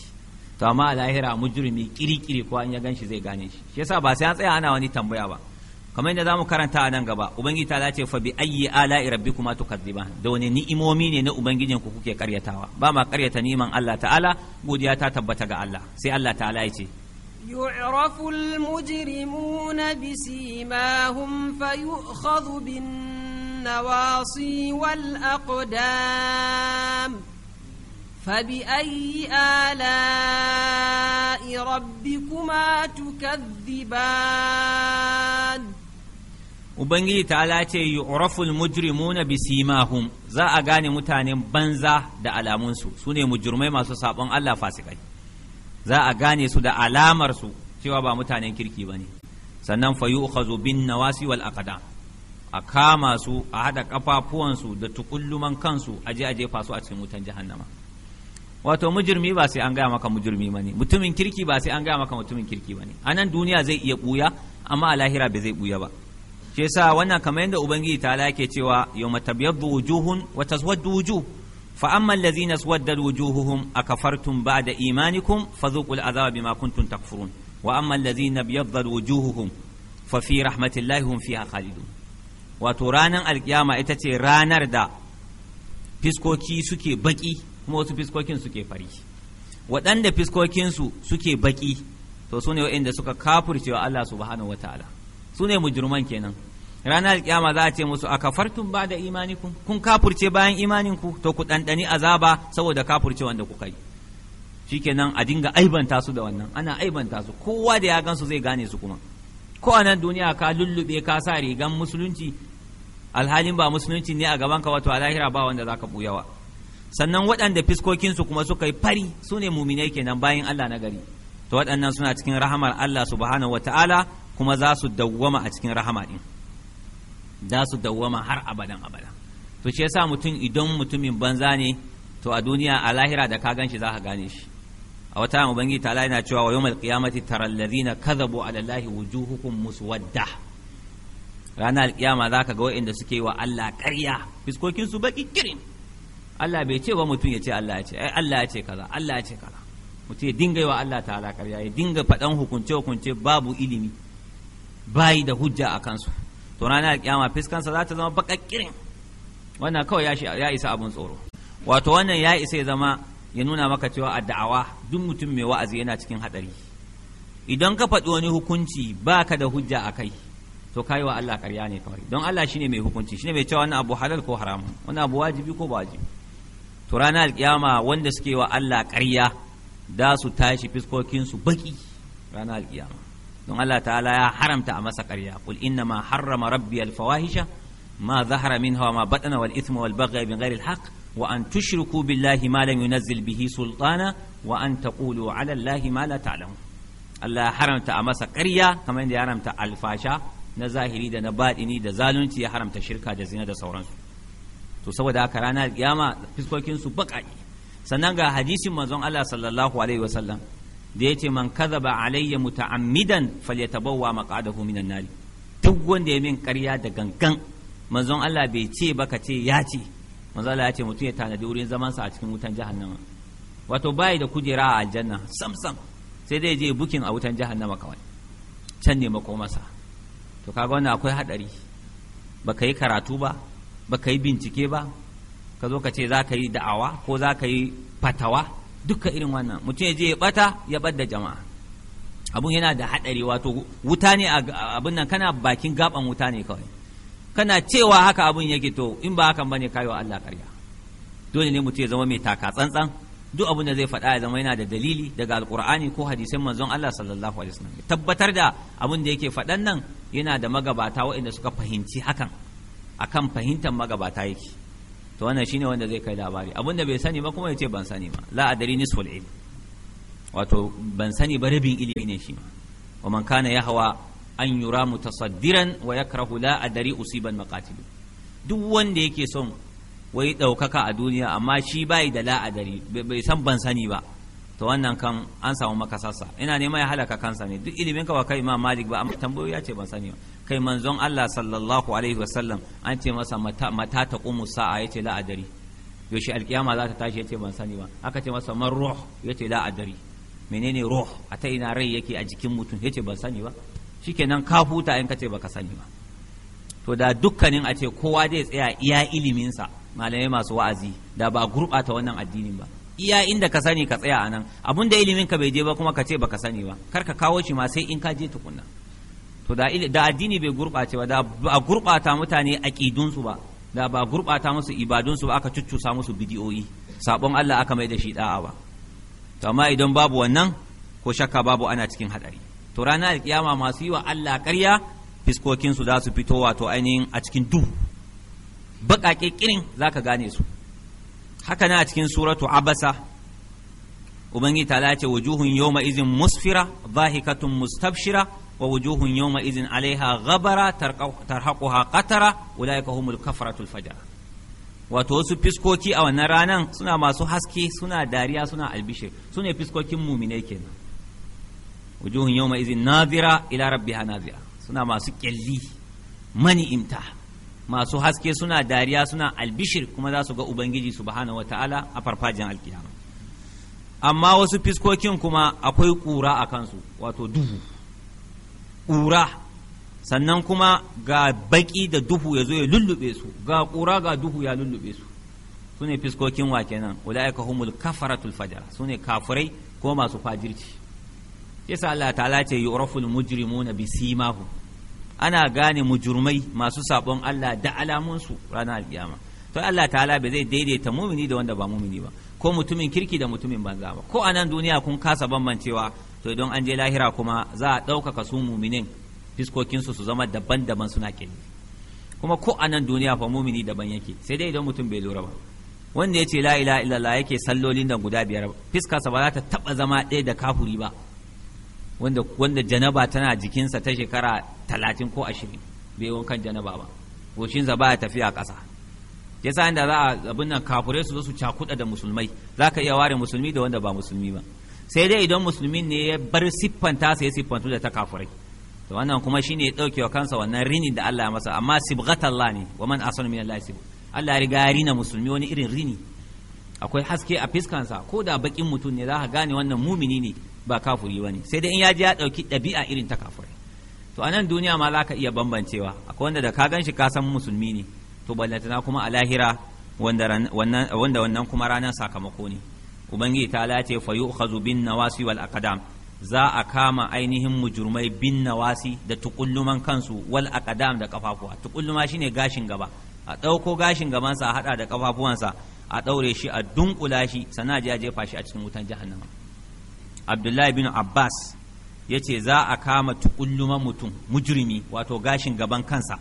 B: to amma a lahira mujrimi kirikiri ko an ya ganshi zai gane shi shi yasa ba sai an tsaya ana wani tambaya ba kamar yadda zamu karanta a nan gaba ubangiji ta ce fa bi ayyi kuma rabbikuma tukadziban da wani ni'imomi ne na ubangijin ku kuke karyatawa ba ma karyata niman Allah ta'ala godiya ta tabbata ga Allah sai Allah ta'ala ya ce
A: يعرف المجرمون بسيماهم فيؤخذ بالنواصي والأقدام فبأي آلاء ربكما تكذبان
B: ubangiji ta'ala ce yu'raful na bisimahum za a gane mutanen banza da alamunsu su ne mujrimai masu sabon Allah fasikai za a gane su da alamarsu cewa ba mutanen kirki ba ne sannan fa yu'khazu bin nawasi wal aqdam a kama su a hada kafafuwansu da tukulluman kansu a je a jefa su a cikin wutan jahannama wato mujirmi ba sai an gaya maka mujirmi ba ne mutumin kirki ba sai an gaya maka mutumin kirki ba ne a nan duniya zai iya buya amma a lahira ba zai buya ba shi yasa wannan kamar yadda ubangiji ta ke cewa yawma tabyaddu wujuhun wa tazwaddu wujuh fa amma allazina aswaddat wujuhuhum ba da imanikum fadhuqul azaba bima kuntum takfurun wa amma allazina abyaddat wujuhuhum fa fi rahmatillahi hum fiha khalidun wato ranar alkiyama ita ce ranar da fiskoki suke baki kuma wasu fiskokin suke fari waɗanda fiskokinsu suke baki to su ne waɗanda suka kafurcewa Allah subhanahu wataala su ne mujirman kenan ranar alkiyama za a ce musu a kafartun ba da imanikum kun kafurce bayan imaninku to ku ɗanɗani azaba saboda kafurce wanda kuka yi kenan a dinga aibanta su da wannan ana aibanta su kowa da ya gansu zai gane su kuma ko a nan duniya ka lullube ka sa rigan musulunci alhalin ba musulunci ne a gaban ka wato a lahira ba wanda zaka buyawa sannan waɗanda fiskokinsu kuma suka yi fari su ne muminai kenan bayan Allah na gari to waɗannan suna cikin rahamar Allah subhanahu wataala kuma za su dawwama a cikin rahama din za su dawwama har abadan abadan to shi yasa mutum idan mutumin banza ne to a duniya a lahira da ka gan shi za ka gane shi a wata yamma bangi ta yana cewa wa yawmal qiyamati taral ladina kadhabu ala allahi wujuhukum muswadda ranar alkiyama za ka ga waɗanda suke wa Allah ƙarya fiskokin su baki kirin Allah bai ce wa mutum ya ce Allah ya ce ai Allah ya ce kaza Allah ya ce kaza mutum ya dinga yi wa Allah ta'ala ƙarya ya dinga faɗan hukunce hukunce babu ilimi bayi da hujja a kansu to ranar alkiyama fiskansa za ta zama bakakkirin wannan kawai ya isa abun tsoro wato wannan ya isa ya zama ya nuna maka cewa a da'awa duk mutum mai wa'azi yana cikin hadari idan ka faɗi wani hukunci baka da hujja a kai to kai wa Allah ƙarya ne kawai don Allah shine mai hukunci shine mai cewa wannan abu halal ko haram wannan abu wajibi ko ba wajibi to rana alkiyama wanda suke wa Allah ƙarya da su tashi fiskokinsu baki ranar alkiyama don Allah ta'ala ya haramta a masa ƙarya qul inna ma harrama rabbi al fawahisha ma zahara min wa ma baɗana wal ithma wal baghy bi wa an tushriku billahi ma lam yunzil bihi sultana wa an taqulu ala allahi ma la ta'lamun Allah ya haramta a masa ƙarya kamar yadda ya haramta alfasha na zahiri da na baɗini da zalunci ya haramta shirka da zina da sauransu to saboda haka ranar kiyama fiskokin su baƙaƙe sannan ga hadisin manzon Allah sallallahu alaihi wasallam da ya ce man kaza ba alayya muta'ammidan falyatabawwa maq'adahu minan nari duk wanda ya min karya da gangan manzon Allah bai ce ba ka ce ya ce manzon Allah ya ce mutum ya tanadi wurin zaman sa a cikin wutan jahannama wato bai da kujera a aljanna sam sam sai dai je bukin a wutan jahannama kawai can ne makomasa to kaga wannan akwai hadari baka yi karatu ba baka yi bincike ba ka zo ka ce za ka yi da'awa ko za ka yi fatawa duka irin wannan mutum ya je ya bata ya ɓadda jama'a abun yana da haɗari wato wuta ne abun nan kana bakin gaban wuta ne kawai kana cewa haka abun yake to in ba hakan bane kayo Allah karya dole ne mutum ya zama mai taka tsantsan duk abun da zai faɗa ya zama yana da dalili daga alqur'ani ko hadisin manzon Allah sallallahu alaihi wasallam tabbatar da abun da yake faɗan nan yana da magabata waɗanda suka fahimci hakan akan fahimtar magabata yake to wannan shine wanda zai kai labari abin da bai sani ba kuma ya ce ban sani ba la adari nisful ilm wato ban sani ba rabin ilimi ne shi ma wa man kana yahwa an yura mutasaddiran wa yakrahu la adari usiban maqatil duk wanda yake son wai ɗaukaka a duniya amma shi bai da la adari bai san ban sani ba to wannan kan an samu makasarsa ina nema ya halaka kansa ne duk ilimin ka ba kai imam malik ba amma tambayoyi ya ce ban sani ba kai manzon Allah sallallahu alaihi wasallam an ce masa mata ta kumu sa'a yace la adari yaushe alkiyama za ta tashi yace ban sani ba aka ce masa man ruh yace la adari menene ruh a ta ina rai yake a jikin mutum yace ban sani ba shikenan ka huta in kace baka sani ba to da dukkanin a ce kowa zai tsaya iya iliminsa malamai masu wa'azi da ba gurɓata wannan addinin ba iya inda ka sani ka tsaya anan nan abin da ilimin bai je ba kuma ka ce baka sani ba kar ka kawo shi ma sai in ka je tukunna to da addini bai gurɓace ba da ba gurɓata mutane aƙidunsu ba da ba gurɓata musu ibadunsu ba aka cuccusa musu bidiyoyi sabon Allah aka mai da shi da'a ba to amma idan babu wannan ko shakka babu ana cikin hadari to ranar alkiyama masu yi wa Allah ƙarya fiskokinsu za su fito wato ainihin a cikin duhu baƙaƙe kirin za ka gane su haka na a cikin suratu abasa ubangi ta ce wujuhun yawma izin musfira zahikatun mustabshira wa wujuhun yawma izin alaiha ghabara tarhaquha qatara ulaika humul kafaratul fajara wato wasu fiskoki a wannan ranar suna masu haske suna dariya suna albishir su ne fiskokin muminai kenan wujuhun yawma izin nazira ila rabbiha nazira suna masu kyalli mani'imta masu haske suna dariya suna albishir kuma za su ga ubangiji su bahana wa ta'ala a farfajin alkiyama amma wasu fiskokin kuma akwai ƙura a kansu wato duhu ƙura sannan kuma ga baƙi da duhu ya zo ya lullube su ga ƙura ga duhu ya lullube su su ne fiskokin nan kenan aika humul kafaratul fajara su ne kafirai ko masu fajirci sa Allah ta'ala ce yu'raful mujrimuna bi simahu ana gane mujurmai masu sabon Allah da alamunsu ranar alkiyama to Allah ta'ala bai zai daidaita mumini da wanda ba mumini ba ko mutumin kirki da mutumin banza ba ko a nan duniya kun kasa bambancewa to idan an je lahira kuma za a ɗaukaka su muminin fiskokinsu su zama daban-daban suna kenan kuma ko a nan duniya fa mumini daban yake sai dai idan mutum bai lura ba wanda ya ce la ila illallah yake sallolin da guda biyar sa ba za ta taɓa zama ɗaya da kafuri ba wanda janaba tana jikinsa ta shekara talatin ko ashirin bai wankan janaba ba goshinsa ba ya tafiya ƙasa yasa inda za a abin nan kafurai su zo su cakuɗa da musulmai za ka iya ware musulmi da wanda ba musulmi ba sai dai idan musulmin ne ya bar siffanta sai siffantu da ta kafurai to wannan kuma shine ya dauke wa kansa wannan rini da Allah ya masa amma sibghatallah ne wa man asana min Allah sib Allah ya riga ya rina musulmi wani irin rini akwai haske a fiskansa ko da bakin mutum ne za ka gane wannan mumini ne ba kafuri bane sai dai in ya ji ya dauki dabi'a irin ta kafurai to a nan duniya ma za ka iya bambancewa akwai wanda da ka ganshi ka san musulmi ne to ballantana kuma a lahira wanda wannan kuma ranar sakamako ne ubangiji ta lace fayu khazu bin nawasi wal aqdam za a kama ainihin mujurmai bin nawasi da tukulluman kansu wal aqdam da kafafuwa tukulluma shine gashin gaba a ɗauko gashin gabansa a haɗa da kafafuwansa a ɗaure shi a dunkula shi sana ji a jefa shi a cikin wutan jahannama abdullahi bin abbas ya ce za a kama tukulluman mutum mujrimi wato gashin gaban kansa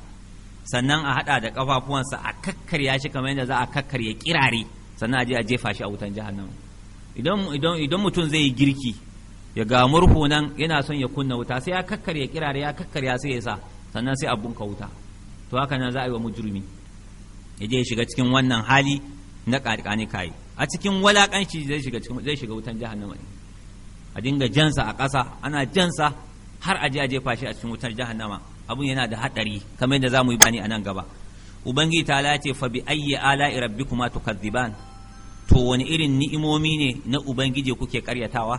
B: sannan a haɗa da kafafuwansa a kakkarya shi kamar yadda za a kakkarya kirare sannan a je a jefa shi a wutan jahannama idan mutum zai yi girki ya ga murhu nan yana son ya kunna wuta sai ya kakkarya kirare ya kakkarya sai ya sa sannan sai abun ka wuta to haka nan za a yi wa mujrimi ya je shiga cikin wannan hali na ƙarƙani kai a cikin walaƙanci zai shiga zai shiga wutan jahannama ne a dinga jansa a ƙasa ana jansa har a je a jefa shi a cikin wutar jahannama abun yana da haɗari kamar yadda za mu yi bani a nan gaba ubangiji ta lace fa bi ayyi ala'i rabbikuma tukadziban to wani irin ni'imomi ne na ubangiji kuke karyatawa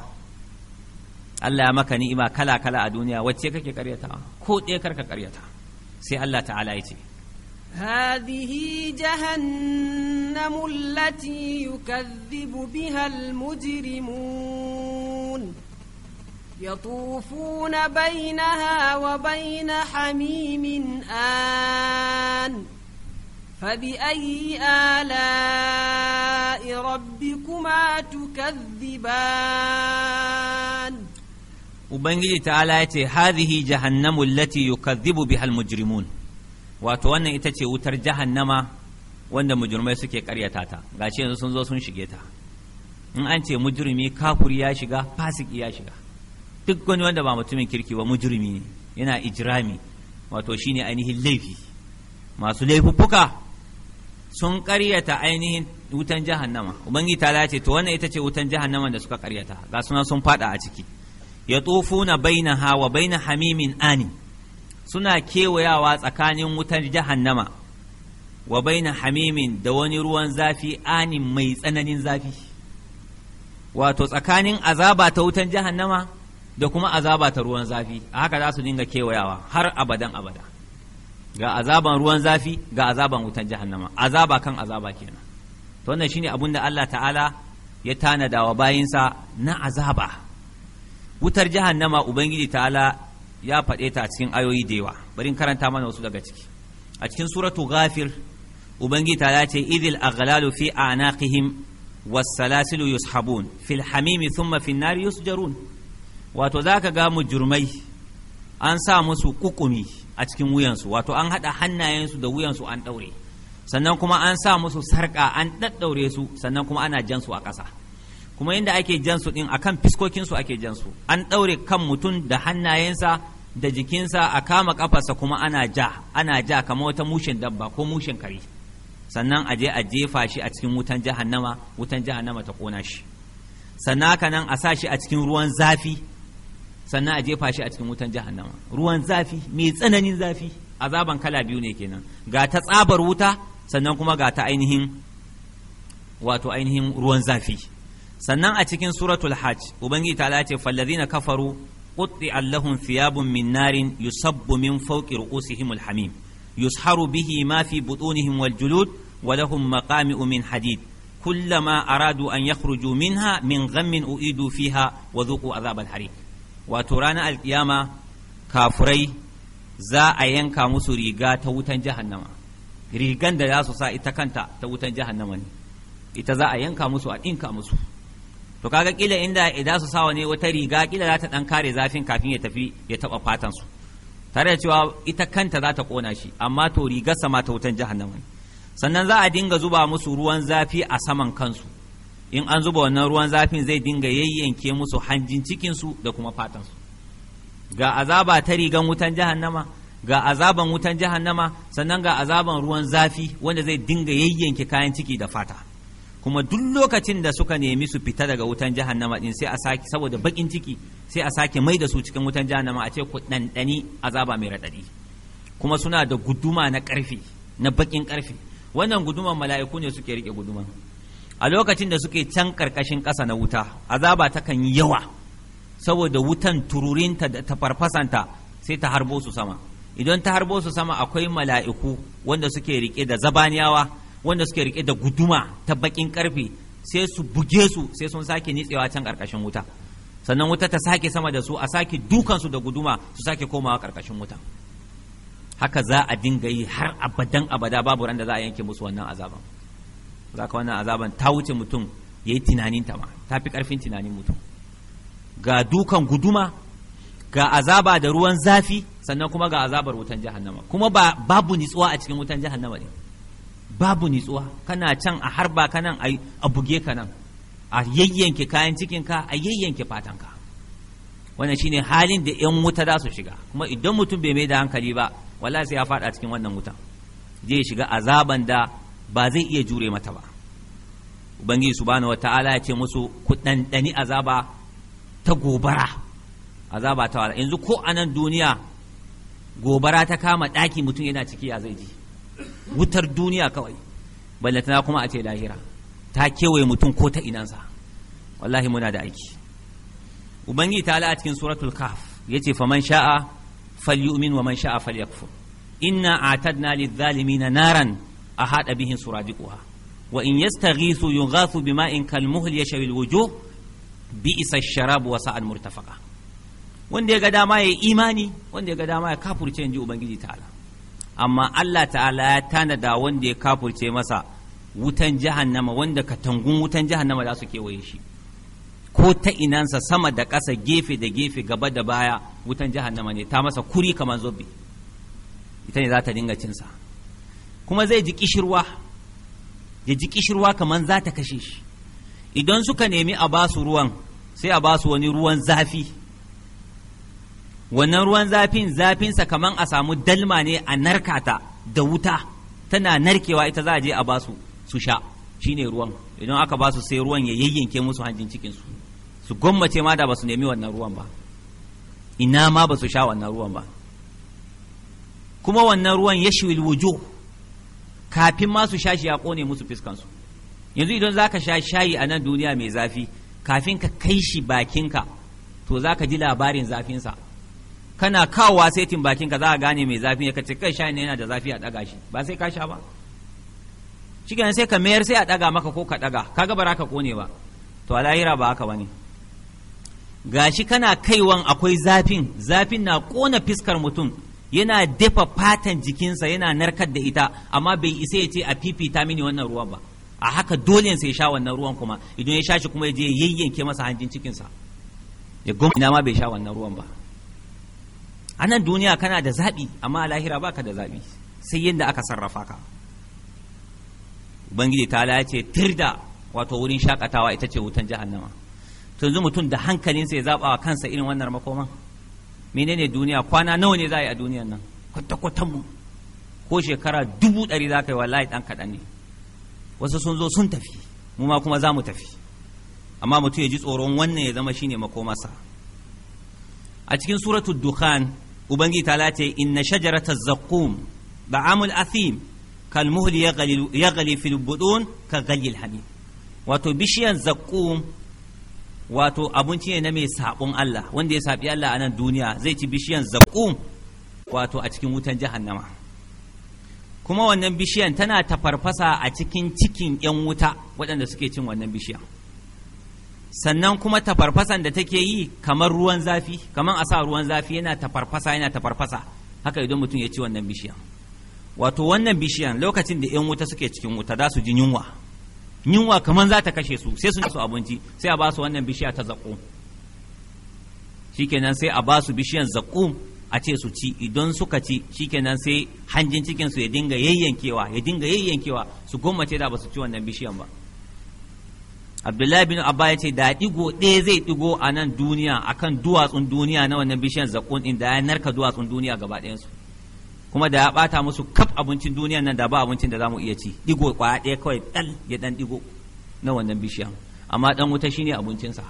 B: Allah ya maka ni'ima kala kala a duniya wacce kake karyatawa ko ɗaya karka karyata sai Allah ta'ala ya ce
A: هذه جهنم التي يكذب بها المجرمون يطوفون بينها وبين حميم آن فبأي آلاء ربكما تكذبان
B: Ubangiji ta'ala ya ce, Hazihi jahannamu lati yukazzibu bihal mujrimun wato wannan ita ce wutar jahannama wanda mujrimai suke karyata ta, gashi yanzu sun zo sun shige ta. In an ce mujrimi kafuri ya shiga, fasiki ya shiga. Duk wani wanda ba mutumin kirki ba mujrimi yana ijirami, wato shine ainihin laifi. Masu laifuffuka sun karyata ainihin wutan jahannama ubangi ta ce to wannan ita ce wutan jahannama da suka karyata, ga suna sun fada a ciki ya na baina hawa baina hamimin ani suna kewayawa tsakanin wutan jahannama wa baina hamimin da wani ruwan zafi ani mai tsananin zafi wato tsakanin azaba ta wutan jahannama da kuma azaba ta ruwan zafi a haka za su dinga kewayawa har abadan abada ga azaban ruwan zafi ga azaban wutan jahannama azaba kan azaba kenan to wannan shine abin da Allah ta'ala ya tanada wa bayinsa na azaba wutar jahannama ubangiji ta'ala ya faɗe ta cikin ayoyi da yawa bari in karanta mana wasu daga ciki a cikin suratu ghafir ubangiji ta'ala ce idil aghlalu fi anaqihim والسلاسل يسحبون في الحميم ثم في النار يسجرون wato za ka ga mujurmai an sa musu kukumi a cikin wuyansu wato an haɗa hannayensu da wuyansu an ɗaure sannan kuma an sa musu sarƙa an ɗaɗɗaure su sannan kuma ana jansu a ƙasa kuma inda ake jansu ɗin a kan fiskokinsu ake jansu an ɗaure kan mutum da hannayensa da jikinsa a kama ƙafarsa kuma ana ja ana ja kamar wata mushin dabba ko mushin kare sannan a je a jefa shi a cikin wutan jahannama wutan jahannama ta ƙona shi sannan haka nan a sa shi a cikin ruwan zafi sannan a jefa shi a cikin wutan jahannama ruwan zafi mai tsananin zafi azaban kala biyu ne kenan ga ta tsabar wuta sannan kuma ga ta ainihin wato ainihin ruwan zafi sannan a cikin suratul hajj ubangiji ta ce fallazina kafaru qutti allahum thiyabun min narin yusabbu min fawqi ru'usihimul hamim yusharu bihi mafi fi butunihim wal julud wa lahum maqami'u min hadid kullama aradu an yakhruju minha min ghammin u'idu fiha wa dhuqu azabal harim wato ranar alkiyama kafurai za a yanka musu riga ta wutan jahannama rigan da za su sa ita kanta ta wutan jahannama ne ita za a yanka musu a ɗinka musu to kaga kila inda idan su sawa ne wata riga kila za ta dan kare zafin kafin ya tafi ya taba fatan su tare da cewa ita kanta za ta kona shi amma to rigar sama ta wutan jahannama sannan za a dinga zuba musu ruwan zafi a saman kansu in an zuba wannan ruwan zafin zai dinga yayyanke musu hanjin cikinsu da kuma fatansu ga azaba ta rigan wutan jahannama ga azaban wutan jahannama sannan ga azaban ruwan zafi wanda zai dinga yayyanke kayan ciki da fata kuma duk lokacin da suka nemi su fita daga wutan jahannama din sai a sake saboda bakin ciki sai a sake mai da su cikin wutan jahannama a ce ku ɗanɗani azaba mai raɗaɗi kuma suna da guduma na ƙarfi na bakin ƙarfi wannan guduman mala'iku ne suke rike guduman a lokacin da suke can ƙarƙashin ƙasa na wuta azaba takan yi yawa saboda wutan tururinta da ta farfasanta sai ta harbo su sama idan ta harbo su sama akwai mala'iku wanda suke rike da zabaniyawa wanda suke rike da guduma ta baƙin ƙarfe sai su buge su sai sun sake nitsewa can ƙarƙashin wuta sannan wuta ta sake sama da su a sake dukansu da guduma su sake komawa ƙarƙashin wuta haka za a dinga yi har abadan abada babu ran da za a yanke musu wannan azaban Za ka wannan azaban ta wuce mutum ya yi tunanin ta ma ta fi karfin tunanin mutum ga dukan guduma ga azaba da ruwan zafi sannan kuma ga azabar wutan jahannama kuma ba babu nitsuwa a cikin wutan jahannama ne babu nitsuwa kana can a harba ka nan a buge ka nan a yayyanke kayan cikinka a yayyanke fatanka wannan shine halin da yan wuta za su shiga kuma idan mutum bai mai da hankali ba wallahi sai ya faɗa cikin wannan wutan zai shiga azaban da ba zai iya jure mata ba ubangiji subhanahu wataala ya ce musu ku ɗanɗani azaba ta gobara azaba ta wala yanzu ko nan duniya gobara ta kama ɗaki mutum yana ciki ya zai ji wutar duniya kawai tana kuma a ce lahira ta kewaye mutum ko ta inansa wallahi muna da aiki ubangiji ta a cikin suratul kaf yace man sha'a falyu'min wa man sha'a falyakfur inna a'tadna lidh-dhalimina naran a haɗa bihin suradiquha wa in yastaghithu yughathu bima'in kalmuhl yashwi alwujuh bi ash wa sa'al murtafaqa wanda ya ga dama ya imani wanda ya ga dama ya kafurce inji ubangiji ta'ala amma Allah ta'ala ya tanada wanda ya kafurce masa wutan jahannama wanda katangun wutan jahannama za su kewaye shi ko ta inansa sama da ƙasa gefe da gefe gaba da baya wutan jahannama ne ta masa kuri kamar zobe ita ne za ta dinga cinsa kuma zai ji kishirwa ya ji kishirwa kamar za ta kashe shi idan suka nemi a basu ruwan sai a basu wani ruwan zafi wannan ruwan zafin zafinsa kamar a samu dalma ne a narkata da wuta tana narkewa ita za a je a basu su sha shine ruwan idan aka basu sai ruwan ya yayyanke musu hanjin cikinsu su gwammace ma da ba nemi wannan ruwan ba ina ma basu sha wannan ruwan ba kuma wannan ruwan ya shiwil wujuh kafin ma su shashi ya kone musu fiskansu yanzu idan zaka sha shayi a nan duniya mai zafi kafin ka kai shi bakinka to zaka ji labarin zafinsa kana kawowa saitin bakinka za a gane mai zafi ne ka ce kai shayin yana da zafi a daga shi ba sai ka sha ba shi sai ka mayar sai a daga maka ko ka ɗaga kaga bara ka kone ba to alahira ba haka bane gashi kana kaiwan akwai zafin zafin na kona fiskar mutum yana dafa fatan jikinsa yana narkar da ita amma bai isa ya ce a fifita mini wannan ruwan ba a haka dole sai ya sha wannan ruwan kuma idan ya sha shi kuma ya je yayyanke masa hanjin cikinsa ya goma ina ma bai sha wannan ruwan ba a nan duniya kana da zaɓi amma a lahira baka da zaɓi sai yadda aka sarrafa ka ubangiji ta ce tirda wato wurin shakatawa ita ce wutan jahannama tunzu mutum da hankalinsa ya zaɓa wa kansa irin wannan makoman menene duniya kwana nawa ne za a yi a duniyan nan kwata-kwata mu ko shekara dubu ɗari za ka yi wallahi ɗan kaɗan ne wasu sun zo sun tafi mu ma kuma za mu tafi amma mutum ya ji tsoron wannan ya zama shine makomasa a cikin suratul dukhan ubangiji ta lace inna shajarata zakkum ba'amul athim kal muhli yaghli fil budun ka ghalil wato bishiyan zakkum wato abinci ne na mai sabon Allah wanda ya saɓi Allah a nan duniya zai ci bishiyan zakum wato a cikin wutan jahannama kuma wannan bishiyan tana tafarfasa a cikin cikin yan wuta waɗanda suke cin wannan bishiyan sannan kuma tafarfasan da take yi kamar ruwan zafi kamar a sa ruwan zafi yana tafarfasa yana tafarfasa haka idan mutum ya ci wannan bishiyan wato wannan bishiyan lokacin da yan wuta suke cikin wuta za su ji yunwa yunwa kamar za ta kashe su sai sun su abinci sai a ba su wannan bishiya ta zaƙo shikenan sai a ba su bishiyan zaƙo a ce su ci idan suka ci shikenan sai hanjin cikin su ya dinga yayyankewa ya dinga yayyankewa su gwammace da ba su ci wannan bishiyan ba abdullahi bin abba ya ce da digo ɗaya zai digo a nan duniya akan duwatsun duniya na wannan bishiyan zaƙo din da ya narka duwatsun duniya gaba su kuma da ya bata musu kaf abincin duniyan nan da ba abincin da zamu iya ci digo kwaya ɗaya kawai ɗal ya ɗan digo na wannan bishiyan amma ɗan wuta shine abincinsa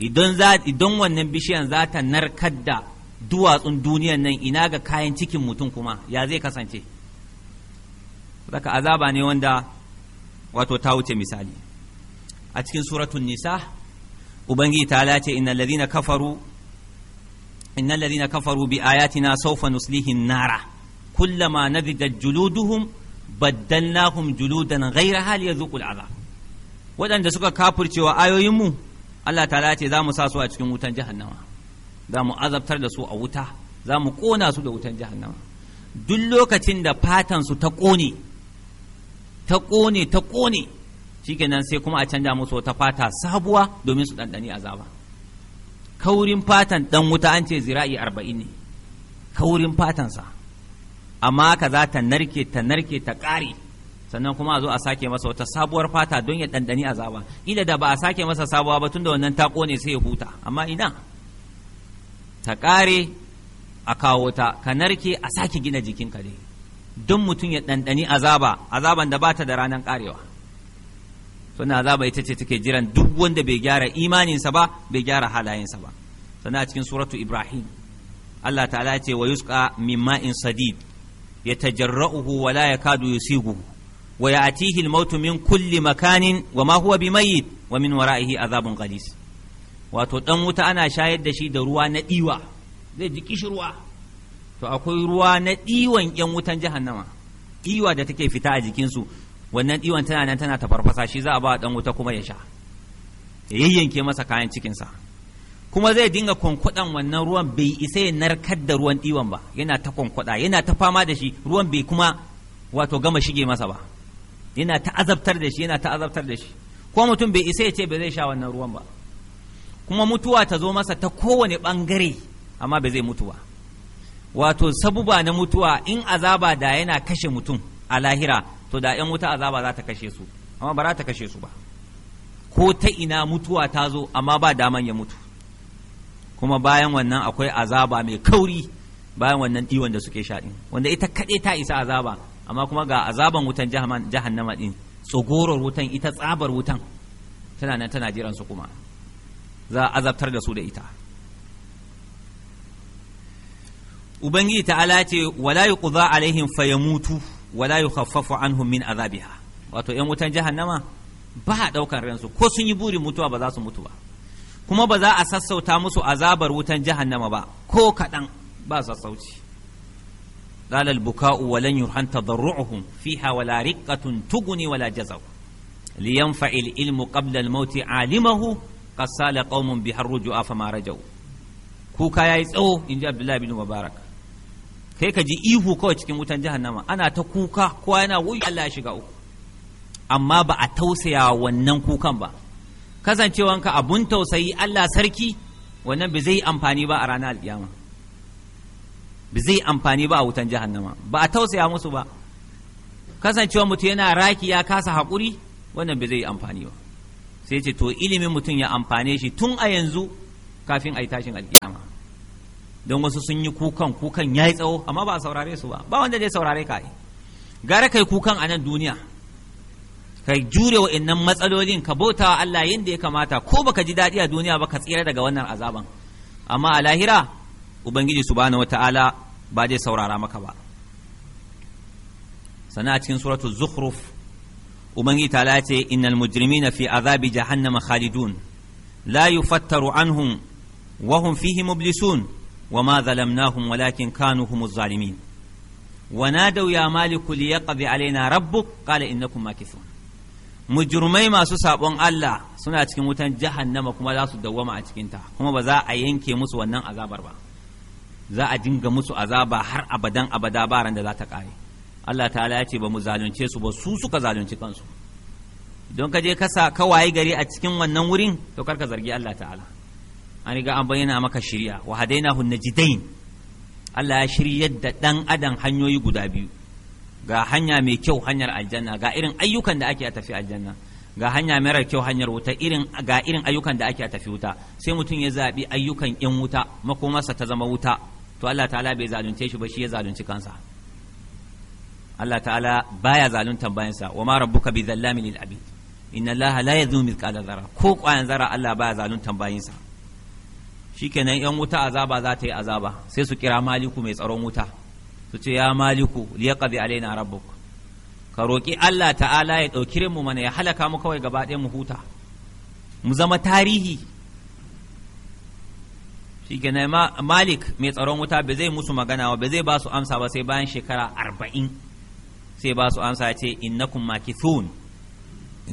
B: idan wannan bishiyan za ta narkar da duwatsun duniyan nan ina ga kayan cikin mutum kuma ya zai kasance zaka azaba ne wanda wato ta wuce misali a cikin suratun nisa ubangiji ta lace innal ladina kafaru innal ladina kafaru bi ayatina sawfa nuslihim nara kullama nadidat juluduhum baddalnahum juludan ghayra hal yadhuqul azab waɗanda suka kafurcewa ayoyinmu Allah ta ce za mu sa su a cikin wutan jahannama za mu azabtar da su a wuta za mu ƙona su da wutan jahannama duk lokacin da fatan su ta ƙone ta ƙone ta shikenan sai kuma a canza musu wata fata sabuwa domin su ɗanɗani azaba kaurin fatan dan wuta an ce zira'i arba'in ne kaurin fatansa amma ka za ta narke ta narke ta ƙare sannan kuma a zo a sake masa wata sabuwar fata don ya ɗanɗani azaba ila da ba a sake masa sabuwa ba tun da wannan ta ƙone sai ya huta amma ina ta ƙare a kawo ta ka narke a sake gina jikinka dai don mutum ya ɗanɗani azaba azaban da ba ta da ranar ƙarewa sannan azaba ita ce take jiran duk wanda bai gyara imaninsa ba bai gyara halayensa ba sana a cikin suratu ibrahim Allah ta'ala ce wa yusqa min ma'in sadid tajarrauhu wa la yakadu yusighu wa ya'tihi al min kulli makanin wa ma huwa bimayyit wa min wara'ihi azabun ghalis wato dan wuta ana shayar da shi da ruwa na diwa zai ji kishirwa to akwai ruwa na diwan yan wutan jahannama diwa da take fita a jikinsu wannan diwan tana nan tana tafarfasa shi za a ba dan wuta kuma ya sha ya yayyanke masa kayan cikinsa kuma zai dinga kwankwadan wannan ruwan bai isa ya narkar da ruwan diwan ba yana ta kwankwada yana ta fama da shi ruwan bai kuma wato gama shige masa ba yana ta azabtar da shi yana ta azabtar da shi ko mutum bai isa ya ce bai zai sha wannan ruwan ba kuma mutuwa ta zo masa ta kowane bangare amma bai zai mutu ba wato sabuba na mutuwa in azaba da yana kashe mutum a lahira to da yan wuta azaba za ta kashe su amma ba za ta kashe su ba ko ta ina mutuwa ta zo amma ba daman ya mutu kuma bayan wannan akwai azaba mai kauri bayan wannan diwon da suke sha wanda ita kaɗai ta isa azaba amma kuma ga azaban wutan jahannama din tsogorar wutan ita tsabar wutan tana nan tana jiran su kuma za a azabtar da su da ita ubangiji ta'ala ce wala yuqda alaihim fayamutu wala yukhaffafu anhum min azabiha wato yan wutan jahannama ba a daukar ransu ko sun yi burin mutuwa ba za su mutu ba kuma ba za a sassauta musu azabar wutan jahannama ba ko kaɗan ba sassauci قال البكاء ولن يرهن تضرعهم فيها ولا رقة تغني ولا ilmu لينفع العلم قبل الموت عالمه قد سال قوم بها الرجوع فما رجوا كوكا يا او عبد الله بن مبارك kai ka ji ihu kawai cikin wutan jahannama ana ta kuka kowa yana wuyi Allah ya shiga uku amma ba a tausaya wannan kukan ba kasancewanka abun tausayi Allah sarki wannan ba zai amfani ba a ranar alkiyama ba zai amfani ba a wutan jahannama ba a tausaya musu ba kasancewa mutum yana raki ya kasa haƙuri wannan ba zai amfani ba sai ce to ilimin mutum ya amfane shi tun a yanzu kafin a yi tashin alkiyama don wasu sun yi kukan kukan ya yi tsawo amma ba a saurare su ba ba wanda zai saurare ka yi gara kai kukan a nan duniya kai jure wa innan matsalolin ka bauta wa Allah yadda ya kamata ko baka ji daɗi a duniya ba ka tsira daga wannan azaban amma a lahira ubangiji subhanahu wata'ala ba zai saurara maka ba sana a cikin suratul zukhruf ubangiji ta ce innal mujrimina fi azabi jahannama khalidun la yufattaru anhum wa hum fihi mublisun وما ظلمناهم ولكن كانوا هم الظالمين ونادوا يا مالك ليقضي علينا ربك قال إنكم ماكثون mujurmai masu sabon Allah suna cikin wutan jahannama kuma za su dawwama a cikinta kuma ba za a yanke musu wannan azabar ba za a dinga musu azaba har abadan abada baran da za ta kare Allah ta'ala ya ce ba mu zalunce su ba su suka zalunci kansu don ka je kasa sa ka waye gari a cikin wannan wurin to ka zargi Allah ta'ala an riga an bayyana maka shirya wa hadainahu najdain Allah ya shiryar da dan adam hanyoyi guda biyu ga hanya mai kyau hanyar aljanna ga irin ayyukan da ake a tafi aljanna ga hanya mara kyau hanyar wuta irin ga irin ayyukan da ake a tafi wuta sai mutum ya zabi ayyukan in wuta makomarsa ta zama wuta to Allah ta'ala bai zalunce shi ba shi ya zalunci kansa Allah ta'ala baya zaluntan bayansa wa ma rabbuka bi zallamin lil abid inna Allah la yadhum mithqala dharra ko kwayan zara Allah baya zaluntan bayinsa shikenan yan wuta azaba za ta yi azaba sai su kira maliku mai tsaron wuta su ce ya maliku liyaqdi alaina rabbuk ka roki Allah ta'ala ya ɗauki mu mana ya halaka mu kawai gaba ɗaya mu huta mu zama tarihi shikenan malik mai tsaron wuta ba zai musu magana ba zai ba su amsa ba sai bayan shekara arba'in sai ba su amsa ce innakum makithun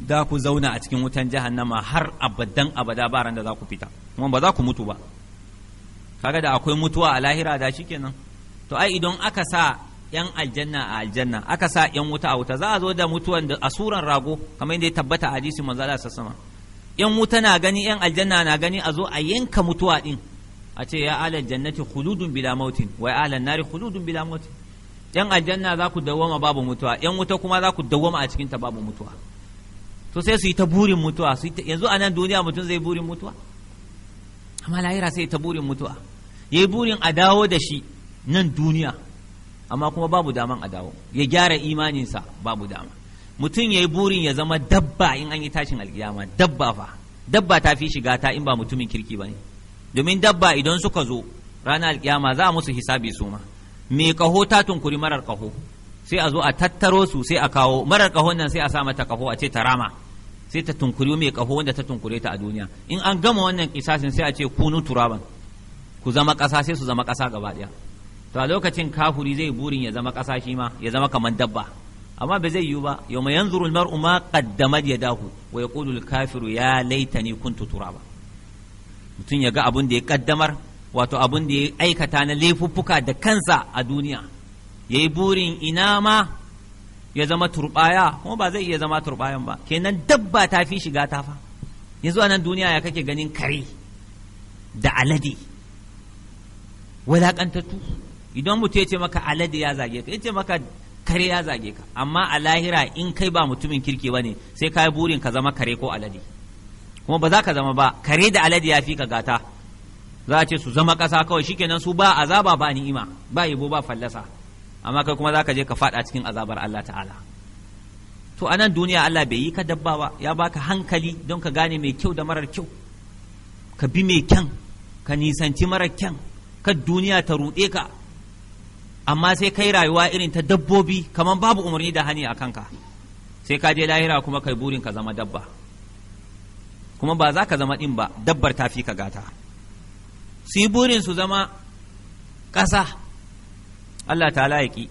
B: da ku zauna a cikin wutan jahannama har abadan abada ba da za ku fita kuma ba za ku mutu ba kaga da akwai mutuwa a lahira da shi kenan to ai idan aka sa yan aljanna a aljanna aka sa yan wuta a wuta za a zo da mutuwan da asuran rago kamar yadda ya tabbata a hadisi manzo Allah sassama yan wuta na gani yan aljanna na gani a zo a yanka mutuwa din a ce ya alal jannati khuludun bila mautin wa ya alal nari khuludun bila mautin yan aljanna za ku dawwama babu mutuwa yan wuta kuma za ku dawwama a cikin ta babu mutuwa to sai su yi ta burin mutuwa yanzu a nan duniya mutum zai burin mutuwa amma lahira sai ta burin mutuwa ya yi burin a dawo da shi nan duniya amma kuma babu daman a dawo ya gyara imaninsa babu dama mutum ya yi burin ya zama dabba in an yi tashin alkiyama dabba fa dabba ta fi shiga ta in ba mutumin kirki ba ne domin dabba idan suka zo ranar alkiyama za a musu hisabi su ma mai kaho ta tunkuri marar kaho sai a zo a tattaro su sai a kawo marar kahon nan sai a sa mata kaho a ce ta rama sai ta tunkuri mai kaho wanda ta tunkure ta a duniya in an gama wannan kisasin sai a ce kunu turaban ku zama ƙasa sai su zama ƙasa gaba ɗaya to a lokacin kafuri zai burin ya zama ƙasa shi ma ya zama kamar dabba amma ba zai yiwu ba yau mai yanzuru umma ma ya yadahu wa yaqulu kafiru ya laitani kuntu turaba mutum ya ga abun da ya kaddamar wato abun da ya aikata na laifuffuka da kansa a duniya yayi burin ina ma ya zama turbaya kuma ba zai iya zama turbayan ba kenan dabba ta fi shiga ta fa yanzu a nan duniya ya kake ganin kare da alade wulaƙantattu idan mutum ya ce maka alade ya zage ka ya ce maka kare ya zage ka amma a lahira in kai ba mutumin kirki ba ne sai ka yi burin ka zama kare ko alade kuma ba za ka zama ba kare da alade ya fi ka gata za a ce su zama ƙasa kawai shikenan su ba azaba ba ni'ima ba yabo ba fallasa amma kai kuma zaka je ka faɗa cikin azabar Allah ta'ala to a nan duniya Allah bai yi ka dabba ba ya baka hankali don ka gane mai kyau da marar kyau ka bi mai kyan ka nisanci marar kyan ka duniya ta ruɗe ka amma sai kai rayuwa irin ta dabbobi kamar babu umarni da hani a kanka sai ka je lahira kuma kai burin ka zama dabba kuma ba za ka zama ɗin ba dabbar ta fi ka gata su yi burin su zama ƙasa Allah ta ya ki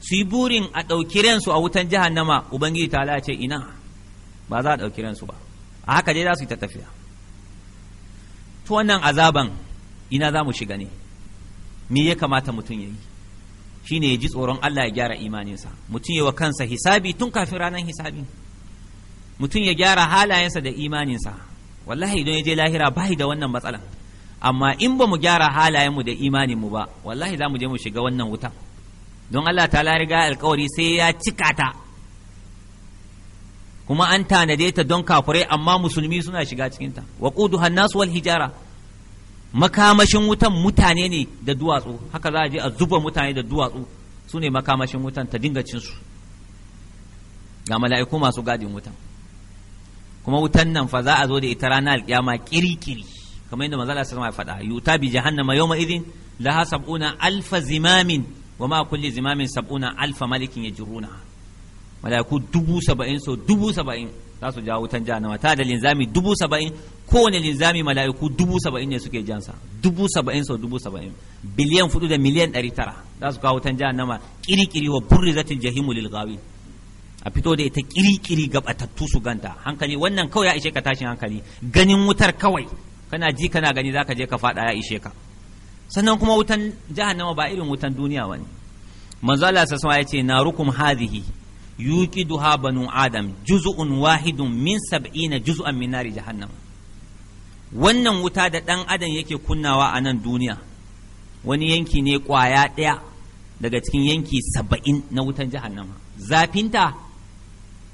B: su yi burin a ɗauki ransu a wutan jahannama ubangiji ta ya ce ina ba za a ɗauki ransu ba a haka dai za su yi ta tafiya to wannan azaban ina za mu shiga ne me ya kamata mutum ya yi shine ya ji tsoron Allah ya gyara imaninsa mutum ya wa kansa hisabi tun kafin ranar hisabi mutum ya gyara halayensa da imaninsa wallahi idan ya je lahira bai da wannan matsalan amma in ba mu gyara halayenmu da imaninmu ba wallahi za mu je mu shiga wannan wuta don Allah ta riga alkawari sai ya cika ta kuma an tanade ta don kafurai amma musulmi suna shiga cikinta wa qudu hannasu wal hijara makamashin wutan mutane ne da duwatsu haka za a je a zuba mutane da duwatsu su ne makamashin wutan ta dinga cinsu ga mala'iku masu gadin wutan kuma wutan nan fa za a zo da ita ranar alkiyama kirikiri kamar yadda manzala sallama ya faɗa yuta bi jahannama yawma idhin laha sab'una alfa zimamin wa ma kulli zimamin sab'una alfa malikin yajruna malaiku dubu saba'in so dubu saba'in za su jawo wutan jahannama ta da linzami dubu saba'in kowane linzami mala'iku dubu saba'in ne suke jansa dubu saba'in so dubu saba'in biliyan fudu da miliyan ɗari tara za su kawo wutan jahannama kirikiri wa burrizatil jahimu lil ghawin a fito da ita kirikiri gabatattu su ganta hankali wannan kawai ya ishe ka tashin hankali ganin wutar kawai kana ji kana gani zaka je ka fada ya ishe ka sannan kuma wutan jahannama ba irin wutan duniya ba manzo Allah sallallahu alaihi wasallam ya ce narukum hadhihi yuqiduha banu adam juz'un wahidun min sab'ina juz'an min nari jahannam wannan wuta da dan adam yake kunnawa a nan duniya wani yanki ne kwaya daya daga cikin yanki saba'in na wutan jahannama zafinta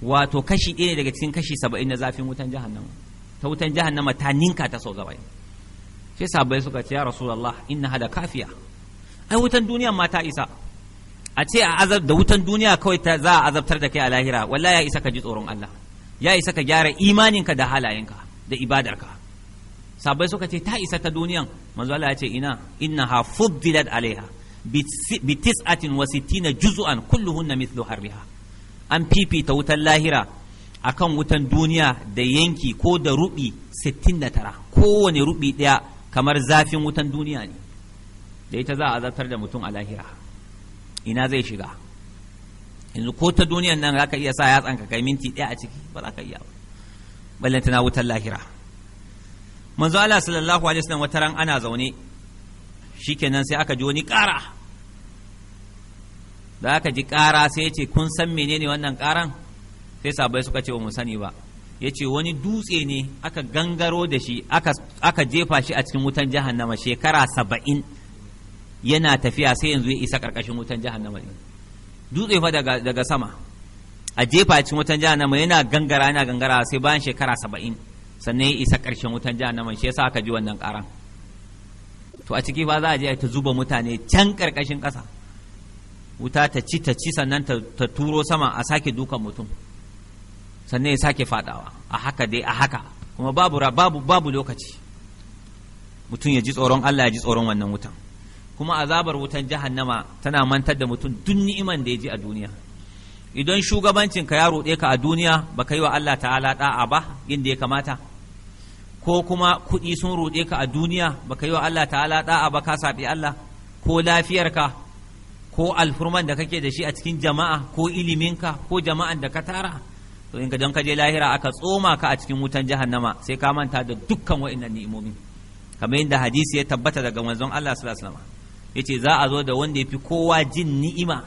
B: wato kashi ɗaya daga cikin kashi saba'in na zafin wutan jahannama ta wutan jahannama ta ninka ta sau zaba'in sai sabai suka ce ya rasulullah inna hada kafiya ai wutan duniya ma ta isa a ce a azab da wutan duniya kawai ta za a azabtar da kai a lahira walla ya isa ka ji tsoron Allah ya isa ka gyara imaninka da halayenka da ibadarka sabai suka ce ta isa ta duniyan manzo Allah ya ce ina inna ha fuddilat alaiha bi tis'atin wa sittina juz'an kulluhunna mithlu harriha an fifita wutan lahira akan wutan duniya da yanki ko da rubi 69 kowane rubi ɗaya kamar zafin wutan duniya ne da ita za a azabtar da mutum a lahira ina zai shiga yanzu ko ta duniyan nan za ka iya sa yatsan ka kai minti ɗaya a ciki ba za ka iya ba ballanta na wutar lahira manzo Allah sallallahu alaihi wasallam wata ran ana zaune shikenan sai aka ji wani ƙara da aka ji ƙara sai ya ce kun san menene wannan ƙaran sai sabai suka ce wa mu sani ba ya ce wani dutse ne aka gangaro da shi aka jefa shi a cikin wutan jahannama shekara saba'in yana tafiya sai yanzu ya isa karkashin wutan jahannama ne dutse fa daga sama a jefa cikin wutan jahannama yana gangara yana gangara sai bayan shekara saba'in sannan ya isa karshen wutan jahannama shi yasa aka ji wannan karan to a ciki fa za a je ta zuba mutane can karkashin ƙasa wuta ta ci ta ci sannan ta turo sama a sake dukan mutum sannan ya sake fadawa a haka dai a haka kuma babu babu babu lokaci mutum ya ji tsoron Allah ya ji tsoron wannan wutan kuma azabar wutan jahannama tana mantar da mutum duk ni'iman da ya ji a duniya idan shugabancin ka ya roɗe ka a duniya baka yi wa Allah ta'ala da'a ba inda ya kamata ko kuma kuɗi sun roɗe ka a duniya baka yi wa Allah ta'ala da'a ba ka saɓi Allah ko lafiyarka ko alfurman da kake da shi a cikin jama'a ko iliminka ko jama'an da ka tara to in ka don ka je lahira aka tsoma ka a cikin wutan jahannama sai ka manta da dukkan wa'annan ni'imomi kamar yadda hadisi ya tabbata daga manzon Allah sallallahu alaihi yace za a zo da wanda yafi kowa jin ni'ima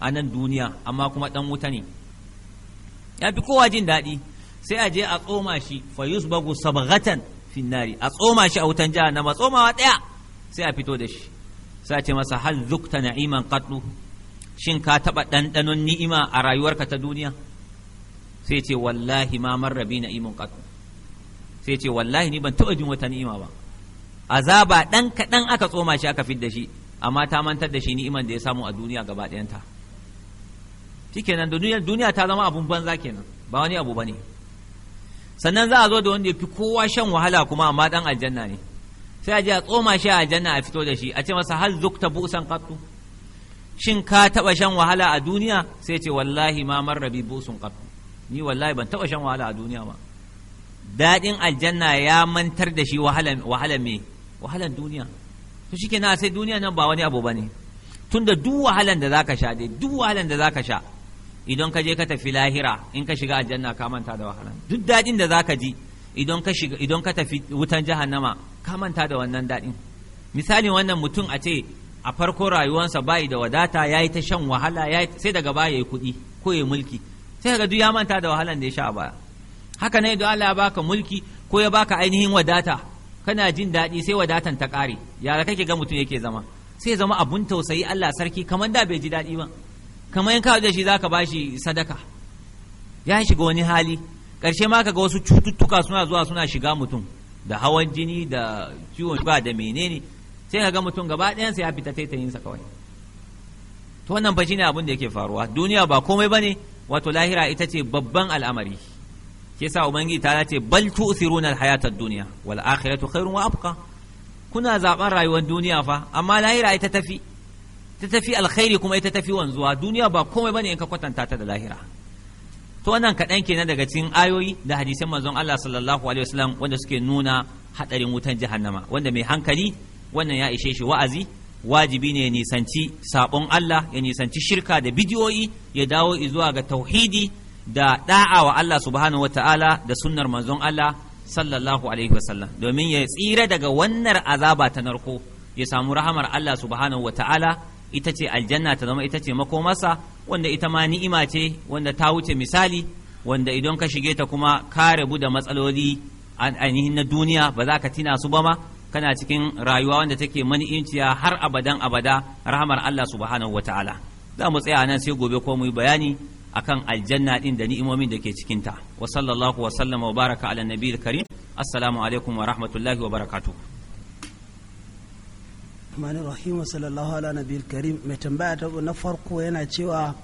B: a nan duniya amma kuma dan wuta ne ya fi kowa jin daɗi sai a je a tsoma shi fa yusbagu sabghatan finnari a tsoma shi a wutan jahannama tsomawa ɗaya sai a fito da shi sai a ce masa hal zukta na'iman qatlu shin ka taɓa ɗanɗanon ni'ima a rayuwarka ta duniya sai ce wallahi ma marrabi na imun qat sai ce wallahi ni ban taɓa jin wata ni'ima ba azaba dan kaɗan aka tsoma shi aka fidda shi amma ta mantar da shi ni'iman da ya samu a duniya gaba ɗayanta shikenan duniya duniya ta zama abun banza kenan ba wani abu bane sannan za a zo da wanda ya fi kowa shan wahala kuma amma dan aljanna ne sai a je a tsoma shi a aljanna a fito da shi a ce masa hal zukta busan qattu shin ka taɓa shan wahala a duniya sai ce wallahi ma marrabi busun qattu ni wallahi ban taɓa shan wahala a duniya ba daɗin aljanna ya mantar da shi wahalan me wahalan duniya to shi na sai duniya nan ba wani abu ba ne tun da duk wahalan da zaka sha dai duk wahalan da zaka sha idan ka je ka tafi lahira in ka shiga aljanna ka manta da wahalan duk daɗin da zaka ji idan ka shiga idan ka tafi wutan jahannama ka manta da wannan daɗin misali wannan mutum a ce a farko rayuwansa bayi da wadata ya yi ta shan wahala sai daga baya ya yi kuɗi ko ya mulki sai ga duk ya manta da wahalan da ya sha a baya haka ne don Allah ya baka mulki ko ya baka ainihin wadata kana jin daɗi sai wadatan ta ƙare yara kake ga mutum yake zama sai zama abun tausayi Allah sarki kamar da bai ji daɗi ba kamar in ka da shi zaka bashi sadaka ya shiga wani hali ƙarshe ma ga wasu cututtuka suna zuwa suna shiga mutum da hawan jini da ciwon ba da menene sai kaga mutum gaba ɗayansa ya fita taitayinsa kawai to wannan fa abun abin da yake faruwa duniya ba komai bane wato lahira ita ce babban al'amari ke sa ubangiji ta ce bal tu'thiruna al hayatar duniya dunya wal akhiratu khairun wa abqa kuna zaɓar rayuwar duniya fa amma lahira ita tafi ta tafi alkhairi kuma ita tafi wanzuwa duniya ba komai bane in ka kwatanta ta da lahira to wannan kaɗan kenan daga cikin ayoyi da hadisan manzon Allah sallallahu alaihi wasallam wanda suke nuna hadarin wutan jahannama wanda mai hankali wannan ya ishe shi wa'azi wajibi ne ya nisanci sabon Allah ya nisanci shirka da bidiyoyi ya dawo zuwa ga tauhidi da da'a wa Allah subhanahu wataala da sunnar manzon Allah sallallahu alaihi wasallam domin ya tsira daga wannan azaba ta narko ya samu rahamar Allah subhanahu wataala ita ce aljanna ta zama ita ce makomarsa wanda ita ma ni'ima ce wanda ta wuce misali wanda idan ka shige ta kuma ka rabu da matsaloli ainihin na duniya ba za ka tina su ba ma kana cikin rayuwa wanda take mani'inciya har abadan abada rahamar Allah subhanahu wataala za mu tsaya nan sai gobe ko mu yi bayani akan aljanna din da ni'imomin da ke cikin ta wa sallallahu wa sallama wa baraka ala nabiyil karim assalamu alaikum wa rahmatullahi wa barakatuh
C: Mani Rahim wa sallallahu ala nabiyil karim mai tambaya ta na farko yana cewa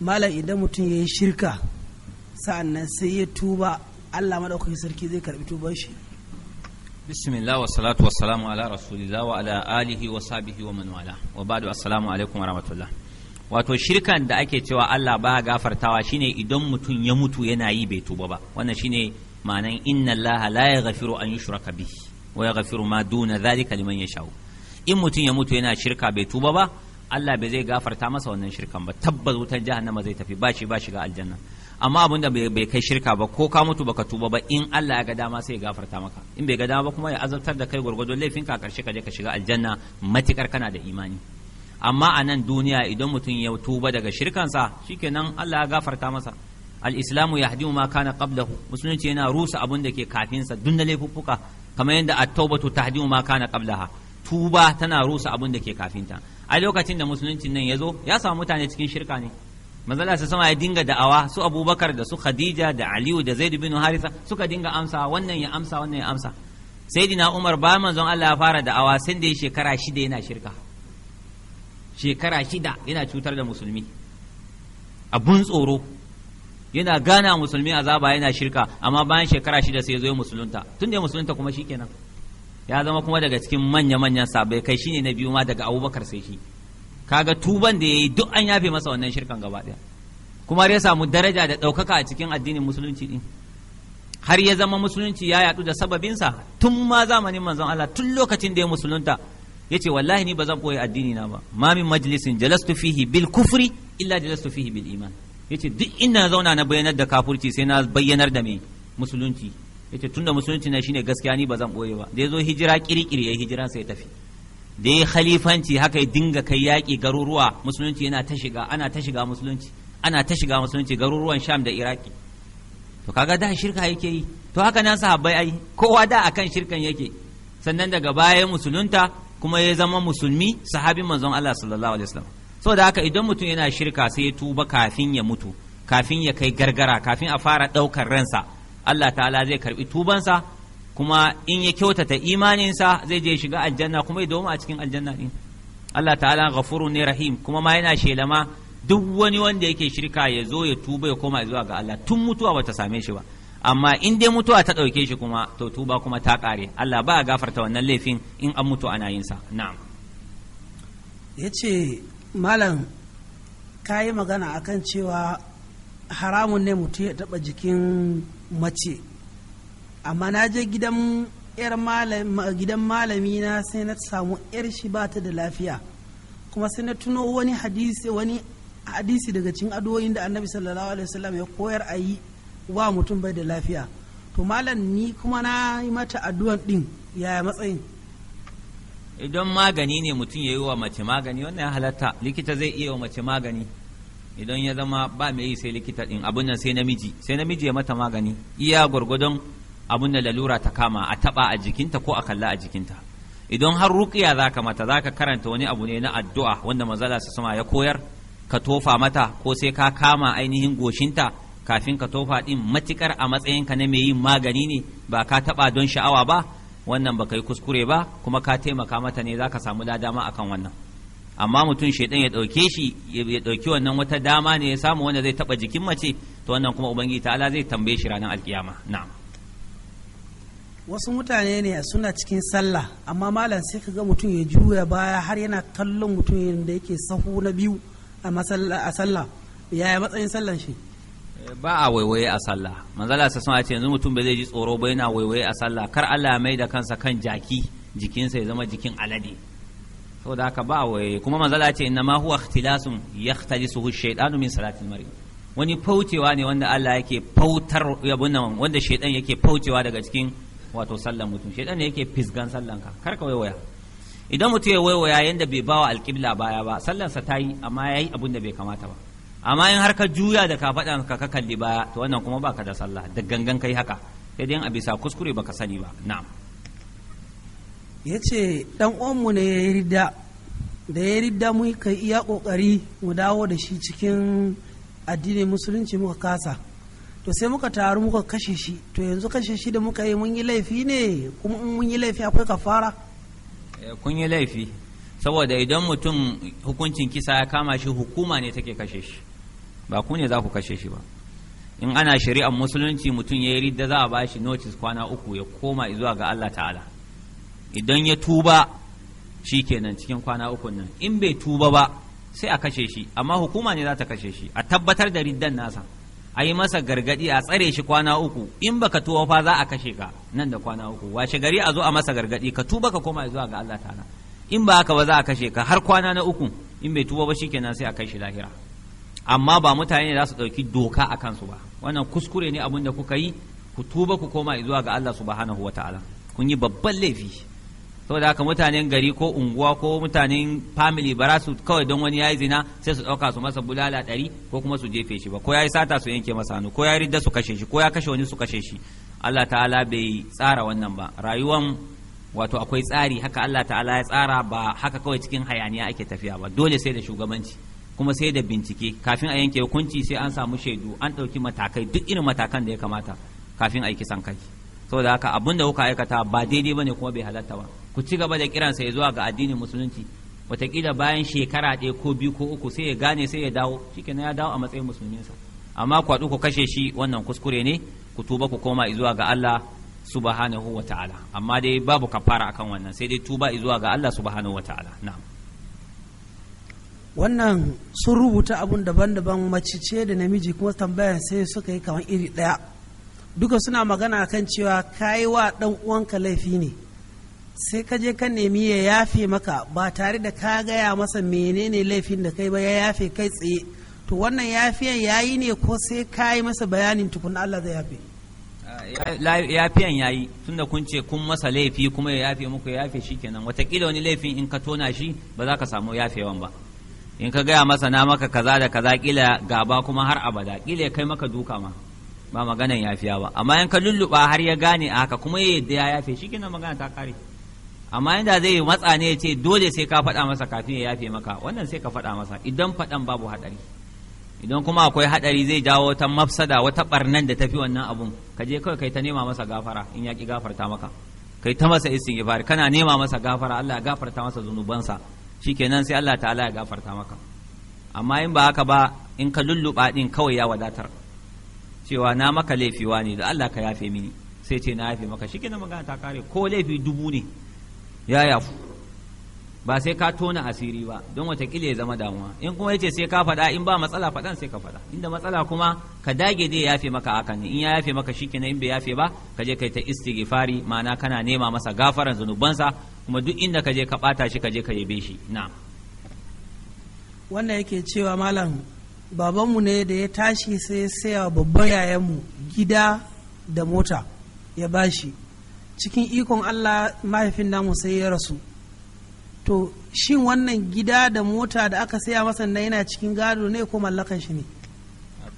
C: malam idan mutum yi shirka sa'annan sai ya tuba Allah madaukakin sarki zai karbi tuban shi
B: bismillah wa salatu ala rasulillah wa alihi wa sabihi wa man wala wa ba'du alaikum wa rahmatullah wato shirkan da ake cewa Allah ba gafartawa shine idan mutum ya mutu yana yi bai tuba ba wannan shine ma'anan inna Allah la yaghfiru an yushraka bi wa yaghfiru ma duna dhalika liman yasha'u in mutum ya mutu yana shirka bai tuba ba Allah bai zai gafarta masa wannan shirkan ba tabbas wutar jahannama zai tafi ba shi ba shiga aljanna amma abin da bai kai shirka ba ko ka mutu baka tuba ba in Allah ya ga dama sai ya gafarta maka in bai ga dama ba kuma ya azabtar da kai gwargwadon laifin ka karshe ka je ka shiga aljanna matikar kana da imani amma a nan duniya idan mutum ya tuba daga shirkansa shikenan Allah ya gafarta masa al-islamu yahdimu ma kana qablahu musulunci yana rusa abin da ke kafinsa dun da laifuffuka kamar yadda at-taubatu tahdimu ma kana qablaha tuba tana rusa abin da ke kafinta a lokacin da musulunci nan ya zo ya samu mutane cikin shirka ne manzala sai sama ya dinga da'awa su abubakar da su khadija da aliyu da zaidu bin harisa suka dinga amsa wannan ya amsa wannan ya amsa sayyidina umar ba manzon Allah ya fara da'awa sai da shekara shida yana shirka shekara shida yana cutar da musulmi abun tsoro yana gana musulmi azaba yana shirka amma bayan shekara shida sai zo musulunta tun da musulunta kuma shikenan ya zama kuma daga cikin manya-manyan sabai kai shine na biyu ma daga abubakar sai shi kaga tuban da yayi duk an yafe masa wannan shirkan gaba daya kuma ya samu daraja da ɗaukaka a cikin addinin musulunci din har ya zama musulunci ya yadu da sababinsa tun ma zamanin manzon Allah tun lokacin da ya musulunta yace wallahi ni ba zan koyi addini na ba ma min majlisin jalastu fihi bil kufri illa jalastu fihi bil iman yace duk na zauna na bayyanar da kafurci sai na bayyanar da me musulunci yace tunda musulunci na shine gaskiya ni ba zan boye ba da yazo hijira kirkiri ya hijira sai tafi da ya khalifanci haka ya dinga kai yaƙi garuruwa musulunci yana ta shiga ana ta shiga musulunci ana ta shiga musulunci garuruwan sham da iraki to kaga da shirka yake yi to haka nan sahabbai ai kowa da akan shirkan yake sannan daga baya musulunta kuma ya zama musulmi sahabin manzon Allah sallallahu alaihi wasallam saboda haka idan mutum yana shirka sai ya tuba kafin ya mutu kafin ya kai gargara kafin a fara ɗaukar ransa Allah ta'ala zai karbi tubansa kuma in ya kyautata imaninsa zai je shiga aljanna kuma ya doma a cikin aljanna din Allah ta'ala ghafurun ne rahim kuma ma yana shelama duk wani wanda yake shirka ya zo ya tuba ya koma zuwa ga Allah tun mutuwa bata same shi ba amma in dai mutuwa ta ɗauke shi kuma to tuba kuma ta kare Allah ba gafar gafarta wannan laifin in an mutu ana yin sa na'am yace
C: malam kayi magana akan cewa haramun ne mutum ya taɓa jikin mace amma na je gidan yar gidan malami na sai na samu yar shi ba ta da lafiya kuma sai na tuno wani hadisi wani hadisi daga cikin addu'o'in da annabi sallallahu alaihi wasallam ya koyar a yi wa mutum bai da lafiya to malam ni kuma na yi mata addu'an din yaya matsayin
B: idan magani ne mutum ya yi wa mace magani wannan ya halatta likita zai iya wa mace magani idan ya zama ba mai yi sai likita din abun nan sai namiji sai namiji ya mata magani iya gwargwadon Abun da lalura ta kama a taba a jikinta ko a kalla a jikinta idan har ruqiya zaka mata zaka karanta wani abu ne na addu'a wanda manzala su sama ya koyar ka tofa mata ko sai ka kama ainihin goshinta kafin ka tofa din matikar a matsayinka na mai yin magani ne ba ka taba don sha'awa ba wannan baka yi kuskure ba kuma ka taimaka mata ne zaka samu ladama akan wannan amma mutum shaidan ya dauke shi ya dauki wannan wata dama ne ya samu wanda zai taba jikin mace to wannan kuma ubangiji ta'ala zai tambaye shi ranar alkiyama na'am
C: wasu mutane ne suna cikin sallah amma malam sai ka ga mutum ya juya baya har yana kallon mutum da yake sahu na biyu a sallah yaya matsayin sallan shi
B: ba a waiwaye a sallah manzala sa sun ce yanzu mutum ba zai ji tsoro ba yana waiwaye a sallah kar Allah ya mai da kansa kan jaki jikinsa ya zama jikin alade saboda haka ba waiwaye kuma manzala ce inna ma huwa ikhtilasun hushe shaytanu min salatil mari wani faucewa ne wanda Allah yake fautar wanda shaytan yake faucewa daga cikin wato sallan mutum shi ne yake fisgan sallanka kar ka waiwaya idan mutum ya waiwaya yanda bai bawa alƙibla baya ba sa ta yi amma yayi yi abin da bai kamata ba amma in har ka juya da ka faɗa ka ka kalli baya to wannan kuma baka da sallah da gangan kai haka sai dai a bisa kuskure baka sani ba na'am
C: yace dan uwanmu ne ya ridda da ya ridda mu kai iya ƙoƙari mu dawo da shi cikin addinin musulunci muka kasa to sai muka taru muka kashe shi to yanzu kashe shi da muka yi mun yi laifi ne kuma mun yi laifi akwai kafara
B: eh, kun yi laifi saboda idan mutum hukuncin kisa ya kama shi hukuma ne take kashe shi ba ku ne za ku kashe shi ba in ana shari'ar musulunci mutum ya yi ridda za a ba shi notice kwana uku ya koma zuwa ga Allah ta'ala idan ya tuba shi kenan cikin kwana uku nan in bai tuba ba sai a kashe shi amma hukuma ne za ta kashe shi a tabbatar da riddan nasa a yi masa gargadi a tsare shi kwana uku in baka tuba fa za a kashe ka nan da kwana uku washe gari a zo a masa gargadi ka tuba ka koma zuwa ga Allah ta'ala in ba haka ba za a kashe ka har kwana na uku in bai tuba ba shikenan sai a kai shi lahira amma ba mutane ne za su ɗauki doka a kansu ba wannan kuskure ne abin da kuka yi ku tuba ku koma zuwa ga Allah subhanahu wataala kun yi babban laifi saboda haka mutanen gari ko unguwa ko mutanen family ba su kawai don wani yayi zina sai su ɗauka su masa bulala ɗari ko kuma su jefe shi ba ko yayi sata su yanke masa hannu ko ya ridda su kashe shi ko ya kashe wani su kashe shi Allah ta'ala bai tsara wannan ba rayuwan wato akwai tsari haka Allah ta'ala ya tsara ba haka kawai cikin hayaniya ake tafiya ba dole sai da shugabanci kuma sai da bincike kafin a yanke hukunci sai an samu shaidu an ɗauki matakai duk irin matakan da ya kamata kafin a yi kisan kai saboda haka abin da kuka aikata ba daidai bane kuma bai halatta ba ku ci gaba da kiransa ya zuwa ga addinin musulunci watakila bayan shekara ɗaya ko biyu ko uku sai ya gane sai ya dawo shikenan ya dawo a matsayin musulminsa amma ku haɗu ku kashe shi wannan kuskure ne ku tuba ku koma zuwa ga Allah subhanahu wa ta'ala amma dai babu kafara akan wannan sai dai tuba zuwa ga Allah subhanahu wa ta'ala na'am
C: wannan sun rubuta abun daban-daban macice da namiji kuma tambayar sai suka yi kamar iri ɗaya duka suna magana kan cewa kayi wa ɗan uwanka laifi ne sai ka je ka nemi ya yafe maka ba tare da ka gaya masa menene laifin da kai ba ya yafe kai tsaye to wannan yafiyan yayi ne ko sai ka yi masa bayanin tukun Allah zai yafe
B: yafiyan yayi tunda kun ce kun masa laifi kuma ya yafe muku ya yafe kenan watakila wani laifin in ka tona shi ba za ka samu yafewan ba in ka gaya masa na maka kaza da kaza kila gaba kuma har abada kila ya kai maka duka ma ba maganan yafiya ba amma in ka lulluɓa har ya gane a haka kuma ya yadda ya yafe kenan magana ta kare amma inda zai matsa ne ya ce dole sai ka faɗa masa kafin ya yafe maka wannan sai ka faɗa masa idan faɗan babu haɗari idan kuma akwai haɗari zai jawo ta mafsada wata ɓarnan da tafi wannan abun ka je kawai kai ta nema masa gafara in ya ki gafarta maka kai ta masa istighfar kana nema masa gafara Allah ya gafarta masa zunubansa shikenan sai Allah ta'ala ya gafarta maka amma in ba haka ba in ka lulluɓa ɗin kawai ya wadatar cewa na maka laifiwa ne da Allah ka yafe mini sai ce na yafe maka shikenan magana ta kare ko laifi dubu ne ya yafu ba sai ka tona asiri ba don watakila ya zama damuwa in kuma yace sai ka faɗa in ba matsala faɗan sai ka faɗa inda matsala kuma ka dage dai ya yafe maka hakan in ya yafe maka shi kenan in bai yafe ba ka je kai ta istighfari ma'ana kana nema masa gafaran zanubansa kuma duk inda ka je ka ɓata shi ka je ka yabe shi na'am
C: wannan yake cewa malam babanmu ne da ya tashi sai ya saya babban yayanmu gida da mota ya bashi cikin ikon allah mahaifin namu sai ya rasu to shin wannan gida da mota da aka saya masa na yana cikin gado ne ko mallakan shi ne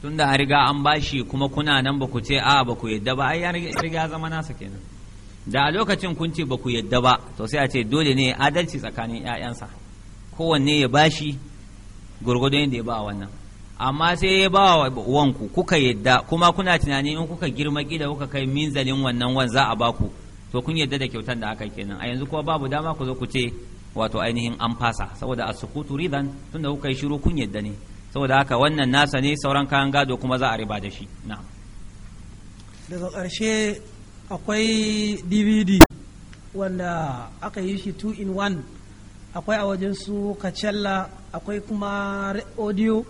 B: tun da an riga an bashi kuma kuna nan ba ku ce a ba ku yadda ba ai ya riga zama nasa kenan da a lokacin kun ce ba ku yadda ba to sai a ce dole ne adalci tsakanin 'ya'yansa kowanne ya bashi gurgudun da ya ba wannan amma sai ya ba wa wanku kuka yadda kuma kuna tunani in kuka girma gida kuka kai minzalin wannan wan za a baku to kun yarda da kyautar da aka kenan a yanzu kuma babu dama ku zo ku ce wato ainihin an fasa saboda a sukutu ridan tunda kuka yi shiru kun yarda ne saboda haka wannan nasa ne sauran kayan gado kuma za a riba da shi na'am
C: daga ƙarshe akwai dvd wanda aka yi shi 2 in 1 akwai a wajen su kacella akwai kuma audio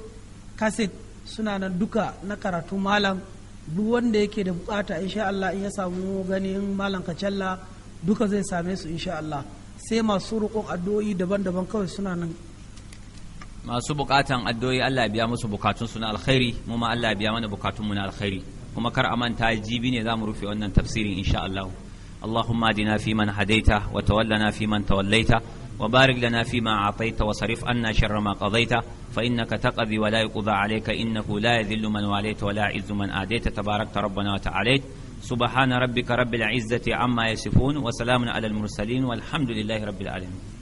C: cassette suna nan duka na karatu malam duk wanda yake da bukata insha Allah in ya samu ganin malam kacalla duka zai same su insha Allah sai masu roƙon addu'o'i daban-daban kawai suna nan
B: masu bukatan addu'o'i Allah biya musu bukatun su na alkhairi mu ma Allah biya mana bukatun mu na alkhairi kuma kar a manta jibi ne zamu rufe wannan tafsirin insha Allah اللهم اهدنا فيمن هديت وتولنا فيمن توليت وبارك لنا فيما أعطيت وصرف عنا شر ما قضيت فإنك تقضي ولا يقضى عليك إنه لا يذل من واليت ولا يعز من آديت تباركت ربنا وتعاليت سبحان ربك رب العزة عما يصفون وسلام على المرسلين والحمد لله رب العالمين